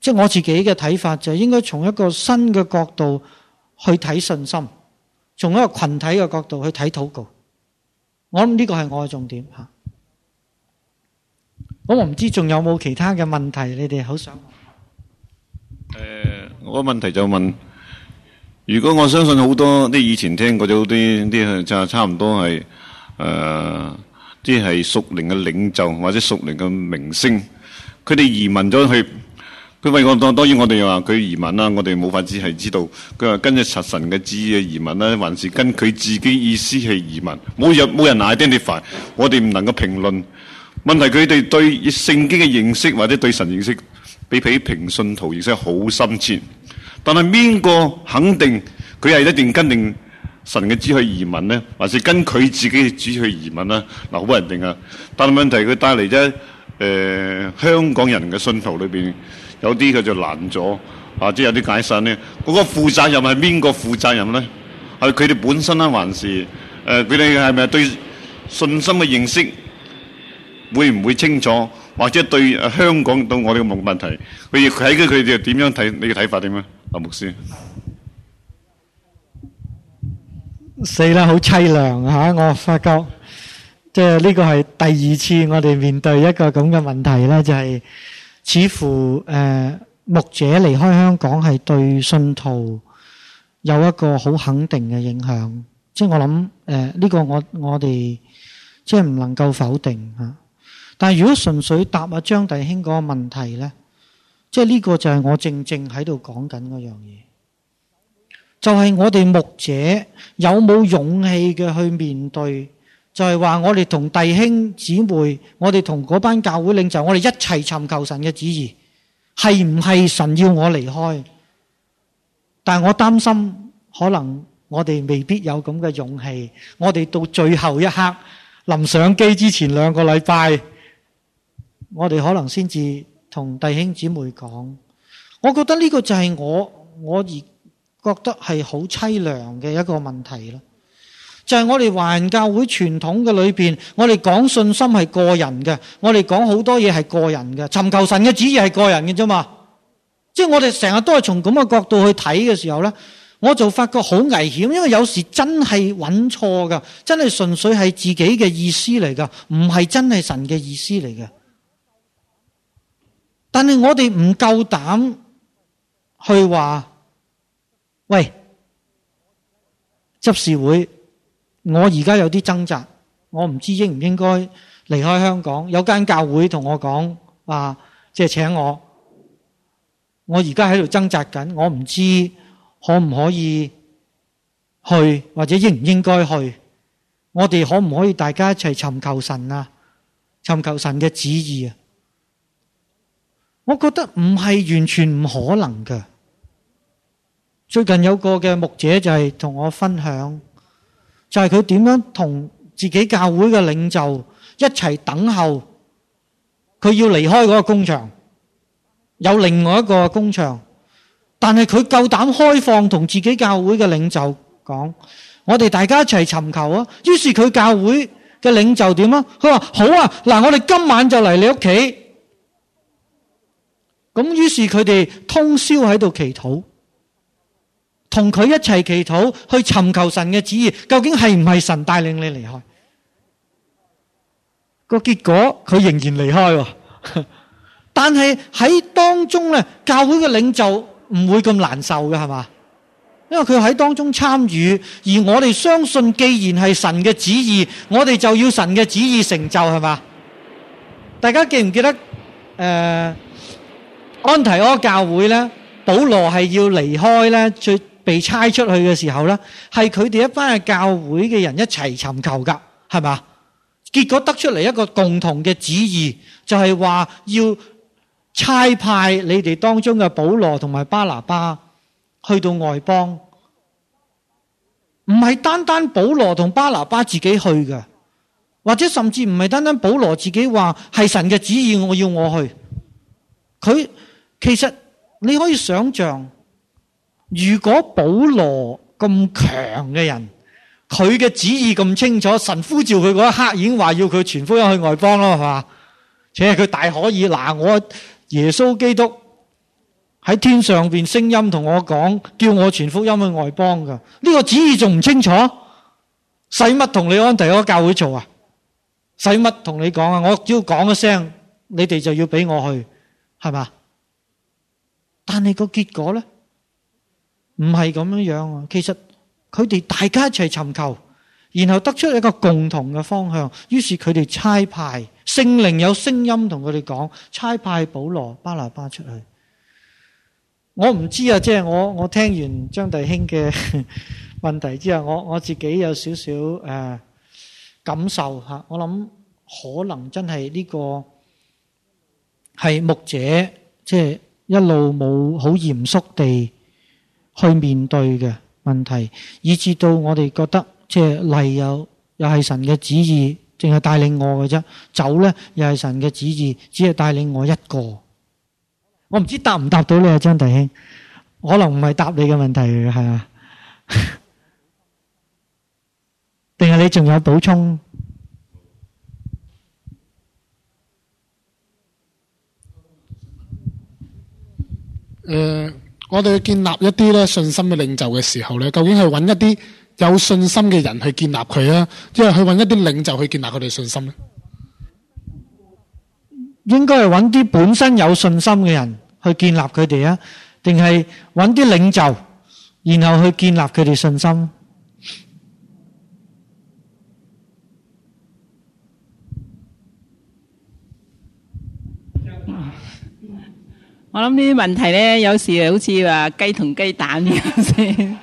即係我自己嘅睇法就應該從一個新嘅角度去睇信心，從一個羣體嘅角度去睇禱告。我諗呢個係我嘅重點嚇。咁我唔知仲有冇其他嘅問題，你哋好想問。誒，我問題就問：如果我相信好多啲以前聽過咗啲啲，差差唔多係誒，啲係屬靈嘅領袖或者屬靈嘅明星，佢哋移民咗去。佢為我當然我，我哋又話佢移民啦，我哋冇法子係知道佢話跟住實神嘅旨意去移民啦，還是跟佢自己意思去移民，冇人冇人 identify，我哋唔能夠評論問題。佢哋對聖經嘅認識或者對神認識比平信徒認識好深切，但係邊個肯定佢係一定跟定神嘅旨去移民呢？還是跟佢自己嘅旨去移民呢？嗱，好難定啊。但係問題佢帶嚟咗誒香港人嘅信徒裏面。有啲佢就難咗，或者有啲解散咧。嗰個負責任係邊個負責任咧？係佢哋本身啊，還是誒佢哋係咪對信心嘅認識會唔會清楚？或者對香港到我哋個問問題，佢睇嘅佢哋點樣睇？你嘅睇法點樣啊？阿牧師，死啦！好淒涼嚇，我發覺即係呢個係第二次我哋面對一個咁嘅問題咧，就係。似乎誒牧者離開香港係對信徒有一個好肯定嘅影響，即係我諗誒呢個我我哋即係唔能夠否定吓。但係如果純粹答阿張弟兄嗰個問題咧，即係呢個就係我正正喺度講緊嗰樣嘢，就係我哋牧者有冇勇氣嘅去面對。就係話我哋同弟兄姊妹，我哋同嗰班教會領袖，我哋一齊尋求神嘅旨意，係唔係神要我離開？但係我擔心，可能我哋未必有咁嘅勇氣。我哋到最後一刻，臨上機之前兩個禮拜，我哋可能先至同弟兄姊妹講。我覺得呢個就係我我而覺得係好淒涼嘅一個問題啦。就係、是、我哋華人教會傳統嘅裏邊，我哋講信心係個人嘅，我哋講好多嘢係個人嘅，尋求神嘅旨意係個人嘅啫嘛。即係我哋成日都係從咁嘅角度去睇嘅時候咧，我就發覺好危險，因為有時真係揾錯噶，真係純粹係自己嘅意思嚟噶，唔係真係神嘅意思嚟嘅。但係我哋唔夠膽去話，喂，執事會。我而家有啲掙扎，我唔知應唔應該離開香港。有間教會同我講，話即係請我。我而家喺度掙扎緊，我唔知可唔可以去，或者應唔應該去。我哋可唔可以大家一齊尋求神啊？尋求神嘅旨意啊？我覺得唔係完全唔可能嘅。最近有個嘅牧者就係同我分享。就係佢點樣同自己教會嘅領袖一齊等候佢要離開嗰個工場，有另外一個工場，但係佢夠膽開放同自己教會嘅領袖講：我哋大家一齊尋求啊！於是佢教會嘅領袖點啊？佢話好啊！嗱，我哋今晚就嚟你屋企。咁於是佢哋通宵喺度祈禱。同佢一齊祈禱，去尋求神嘅旨意，究竟係唔係神帶領你離開？個結果佢仍然離開，但係喺當中呢，教會嘅領袖唔會咁難受嘅，係嘛？因為佢喺當中參與，而我哋相信，既然係神嘅旨意，我哋就要神嘅旨意成就，係嘛？大家記唔記得誒、呃，安提阿教會呢，保羅係要離開呢。最。被差出去嘅時候呢係佢哋一班嘅教會嘅人一齊尋求噶，係嘛？結果得出嚟一個共同嘅旨意，就係話要差派你哋當中嘅保羅同埋巴拿巴去到外邦，唔係單單保羅同巴拿巴自己去嘅，或者甚至唔係單單保羅自己話係神嘅旨意，我要我去。佢其實你可以想象。如果保羅咁強嘅人，佢嘅旨意咁清楚，神呼召佢嗰一刻已經話要佢傳福音去外邦咯，係嘛？且係佢大可以。嗱，我耶穌基督喺天上邊聲音同我講，叫我傳福音去外邦噶，呢個旨意仲唔清楚？使乜同你安提阿教會做啊？使乜同你講啊？我只要講一聲，你哋就要俾我去，係嘛？但係個結果呢？唔係咁樣樣啊！其實佢哋大家一齊尋求，然後得出一個共同嘅方向，於是佢哋差派聖靈有聲音同佢哋講，差派保羅巴拿巴出去。我唔知啊，即係我我聽完張弟兄嘅問題之後，我我自己有少少誒感受吓，我諗可能真係呢個係牧者，即係一路冇好嚴肅地。去面對嘅問題，以至到我哋覺得即係嚟有又係神嘅旨意，淨係帶領我嘅啫。走咧又係神嘅旨意，只係帶領我一個。我唔知答唔答到你啊，張弟兄。可能唔係答你嘅問題嚟嘅，係啊？定係你仲有補充？嗯。我哋去建立一啲咧信心嘅領袖嘅時候咧，究竟係揾一啲有信心嘅人去建立佢啊？即係去揾一啲領袖去建立佢哋信心咧？應該係揾啲本身有信心嘅人去建立佢哋啊？定係揾啲領袖，然後去建立佢哋信心？我諗呢啲問題咧，有時好似話雞同雞蛋咁先。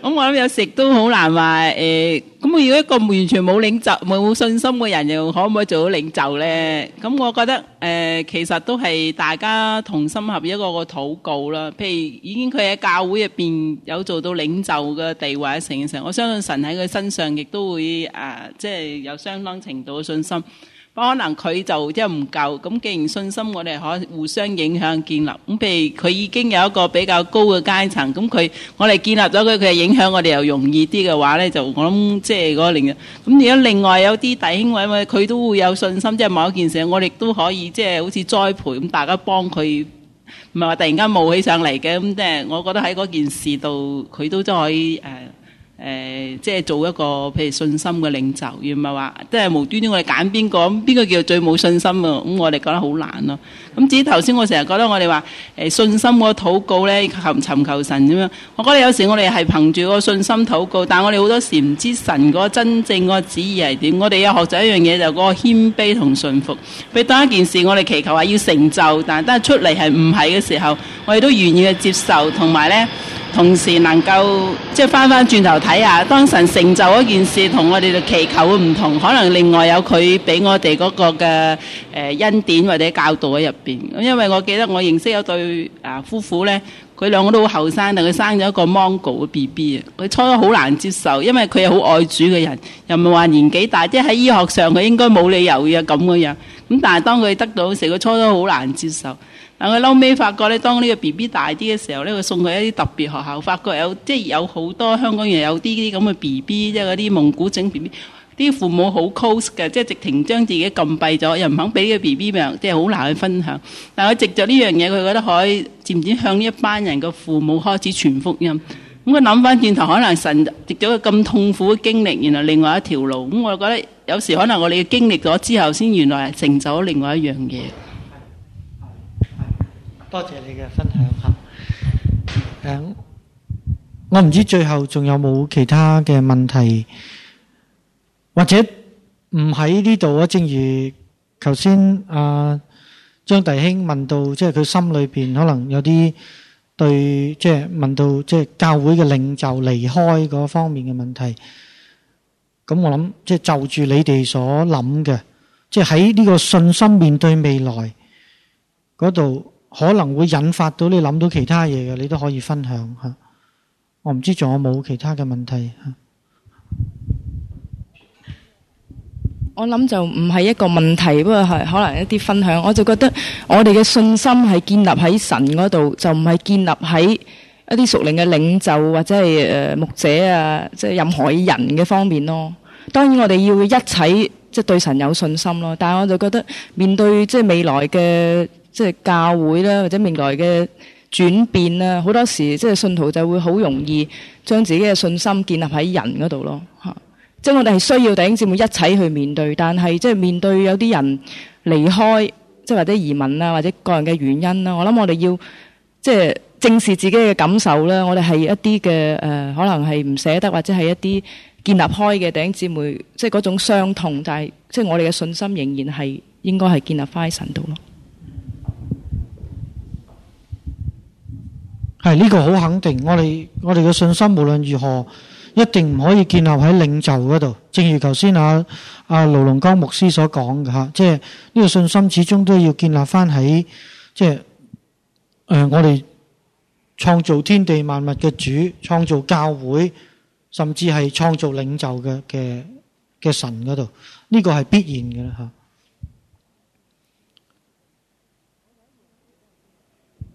咁我諗有時都好難話誒。咁如果一個完全冇領袖，冇信心嘅人，又可唔可以做到領袖咧？咁我覺得誒，其實都係大家同心合一個個禱告啦。譬如已經佢喺教會入邊有做到領袖嘅地位成成，我相信神喺佢身上亦都會誒，即係有相當程度嘅信心。可能佢就即係唔夠，咁、就是、既然信心我哋可以互相影響建立。咁譬如佢已經有一個比較高嘅階層，咁佢我哋建立咗佢，佢影響我哋又容易啲嘅話咧，就我諗即係嗰個年。咁如果另外有啲弟兄位，佢都會有信心，即、就、係、是、某一件事我，就是、我哋都可以即係好似栽培，咁大家幫佢，唔係話突然間冒起上嚟嘅。咁即係我覺得喺嗰件事度，佢都真可以誒。誒、呃，即係做一個譬如信心嘅領袖，要唔係話即係無端端我哋揀邊個，邊個叫做最冇信心啊？咁、嗯、我哋覺得好難咯、啊。咁至於頭先我成日覺得我哋話信心個禱告咧，尋尋求神咁樣，我覺得有時我哋係憑住個信心禱告，但我哋好多時唔知神個真正個旨意係點。我哋有學習一樣嘢，就嗰、是、個謙卑同信服。譬如當一件事，我哋祈求話要成就，但係當出嚟係唔係嘅時候，我哋都願意去接受，同埋咧。同時能夠即係翻翻轉頭睇下，當神成就一件事，同我哋嘅祈求唔同，可能另外有佢俾我哋嗰個嘅誒恩典或者教導喺入面，因為我記得我認識有對啊夫婦呢，佢兩個都好後生，但佢生咗一個蒙古嘅 B B 啊，佢初都好難接受，因為佢係好愛主嘅人，又唔係話年紀大，即係喺醫學上佢應該冇理由嘅咁嘅樣。咁但係當佢得到時，佢初都好難接受。嗱，我嬲尾發覺咧，當呢個 B B 大啲嘅時候咧，佢送去一啲特別學校，發覺有即係有好多香港人有啲啲咁嘅 B B，即係嗰啲蒙古整 B B，啲父母好 close 嘅，即係直情將自己禁閉咗，又唔肯俾個 B B 咪，即係好難去分享。但佢藉着呢樣嘢，佢覺得可以漸漸向一班人嘅父母開始傳福音。咁佢諗翻轉頭，可能神藉咗佢咁痛苦嘅經歷，原來另外一條路。咁我覺得有時可能我哋經歷咗之後，先原來成就另外一樣嘢。多謝你嘅分享吓。誒，我唔知最後仲有冇其他嘅問題，或者唔喺呢度啊。正如頭先阿張大兄問到，即係佢心裏邊可能有啲對，即係問到，即係教會嘅領袖離開嗰方面嘅問題。咁我諗，即係就住你哋所諗嘅，即係喺呢個信心面對未來嗰度。可能會引發到你諗到其他嘢嘅，你都可以分享吓。我唔知仲有冇其他嘅問題吓。我諗就唔係一個問題，不過係可能一啲分享。我就覺得我哋嘅信心係建立喺神嗰度，就唔係建立喺一啲屬靈嘅領袖或者係誒牧者啊，即係任何人嘅方面咯。當然我哋要一齊即係對神有信心咯。但係我就覺得面對即係未來嘅。即係教會啦，或者未來嘅轉變啦，好多時即係信徒就會好容易將自己嘅信心建立喺人嗰度咯。即係我哋係需要弟兄姊妹一齊去面對，但係即係面對有啲人離開，即係或者移民啦，或者個人嘅原因啦，我諗我哋要即係正視自己嘅感受啦。我哋係一啲嘅誒，可能係唔捨得，或者係一啲建立開嘅弟兄姊妹，即係嗰種傷痛，但係即係我哋嘅信心仍然係應該係建立翻喺神度咯。係呢個好肯定，我哋我哋嘅信心無論如何，一定唔可以建立喺領袖嗰度。正如頭先啊啊盧龍江牧師所講嘅吓，即係呢個信心始終都要建立翻喺即係誒我哋創造天地萬物嘅主，創造教會，甚至係創造領袖嘅嘅嘅神嗰度。呢個係必然嘅啦吓。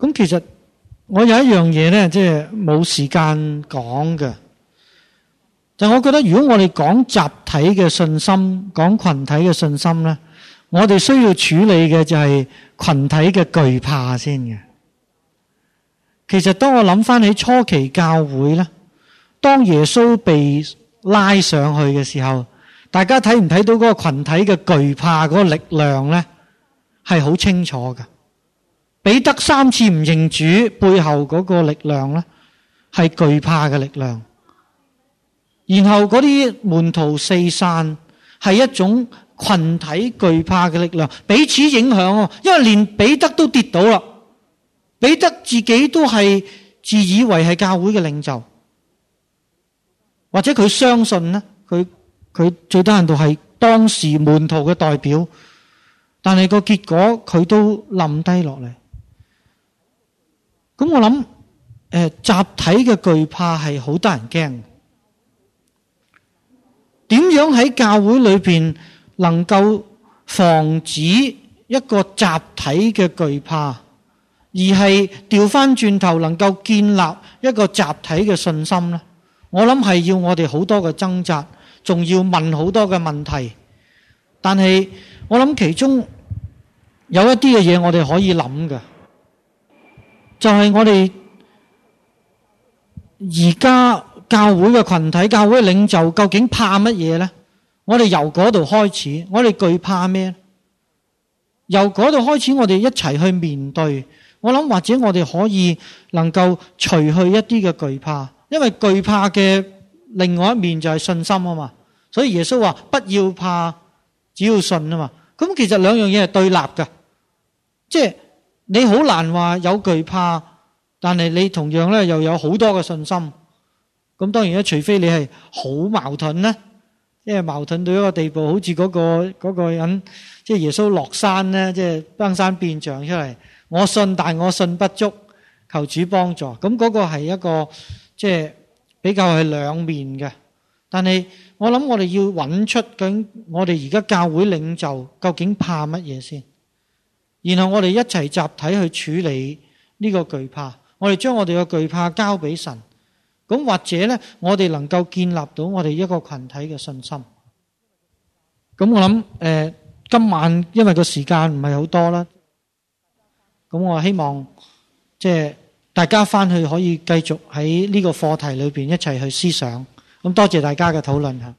咁其實。我有一樣嘢咧，即係冇時間講嘅。就是，我覺得，如果我哋講集體嘅信心，講群體嘅信心咧，我哋需要處理嘅就係群體嘅懼怕先嘅。其實當我諗翻起初期教會咧，當耶穌被拉上去嘅時候，大家睇唔睇到嗰個群體嘅懼怕嗰、嗰個力量咧，係好清楚㗎。彼得三次唔認主背後嗰個力量呢，係懼怕嘅力量。然後嗰啲門徒四散，係一種群體懼怕嘅力量，彼此影響。因為連彼得都跌倒啦，彼得自己都係自以為係教會嘅領袖，或者佢相信呢，佢佢最低限度係當時門徒嘅代表，但係個結果佢都冧低落嚟。咁我諗，呃，集體嘅懼怕係好得人驚。點樣喺教會裏邊能夠防止一個集體嘅懼怕，而係調翻轉頭能夠建立一個集體嘅信心呢？我諗係要我哋好多嘅掙扎，仲要問好多嘅問題。但係我諗其中有一啲嘅嘢，我哋可以諗嘅。就係、是、我哋而家教會嘅群體，教會嘅領袖究竟怕乜嘢呢？我哋由嗰度開始，我哋懼怕咩？由嗰度開始，我哋一齊去面對。我諗或者我哋可以能夠除去一啲嘅懼怕，因為懼怕嘅另外一面就係信心啊嘛。所以耶穌話：不要怕，只要信啊嘛。咁其實兩樣嘢係對立嘅，即係。你好難話有懼怕，但係你同樣咧又有好多嘅信心。咁當然咧，除非你係好矛盾咧，即係矛盾到一個地步，好似嗰個嗰個人，即係耶穌落山咧，即係登山變像出嚟。我信，但我信不足，求主幫助。咁嗰個係一個即係比較係兩面嘅。但係我諗我哋要揾出究竟我哋而家教會領袖究竟怕乜嘢先？然後我哋一齊集體去處理呢個懼怕，我哋將我哋嘅懼怕交俾神。咁或者呢，我哋能夠建立到我哋一個群體嘅信心。咁我諗，誒、呃，今晚因為個時間唔係好多啦。咁我希望即係、就是、大家返去可以繼續喺呢個課題裏邊一齊去思想。咁多謝大家嘅討論吓。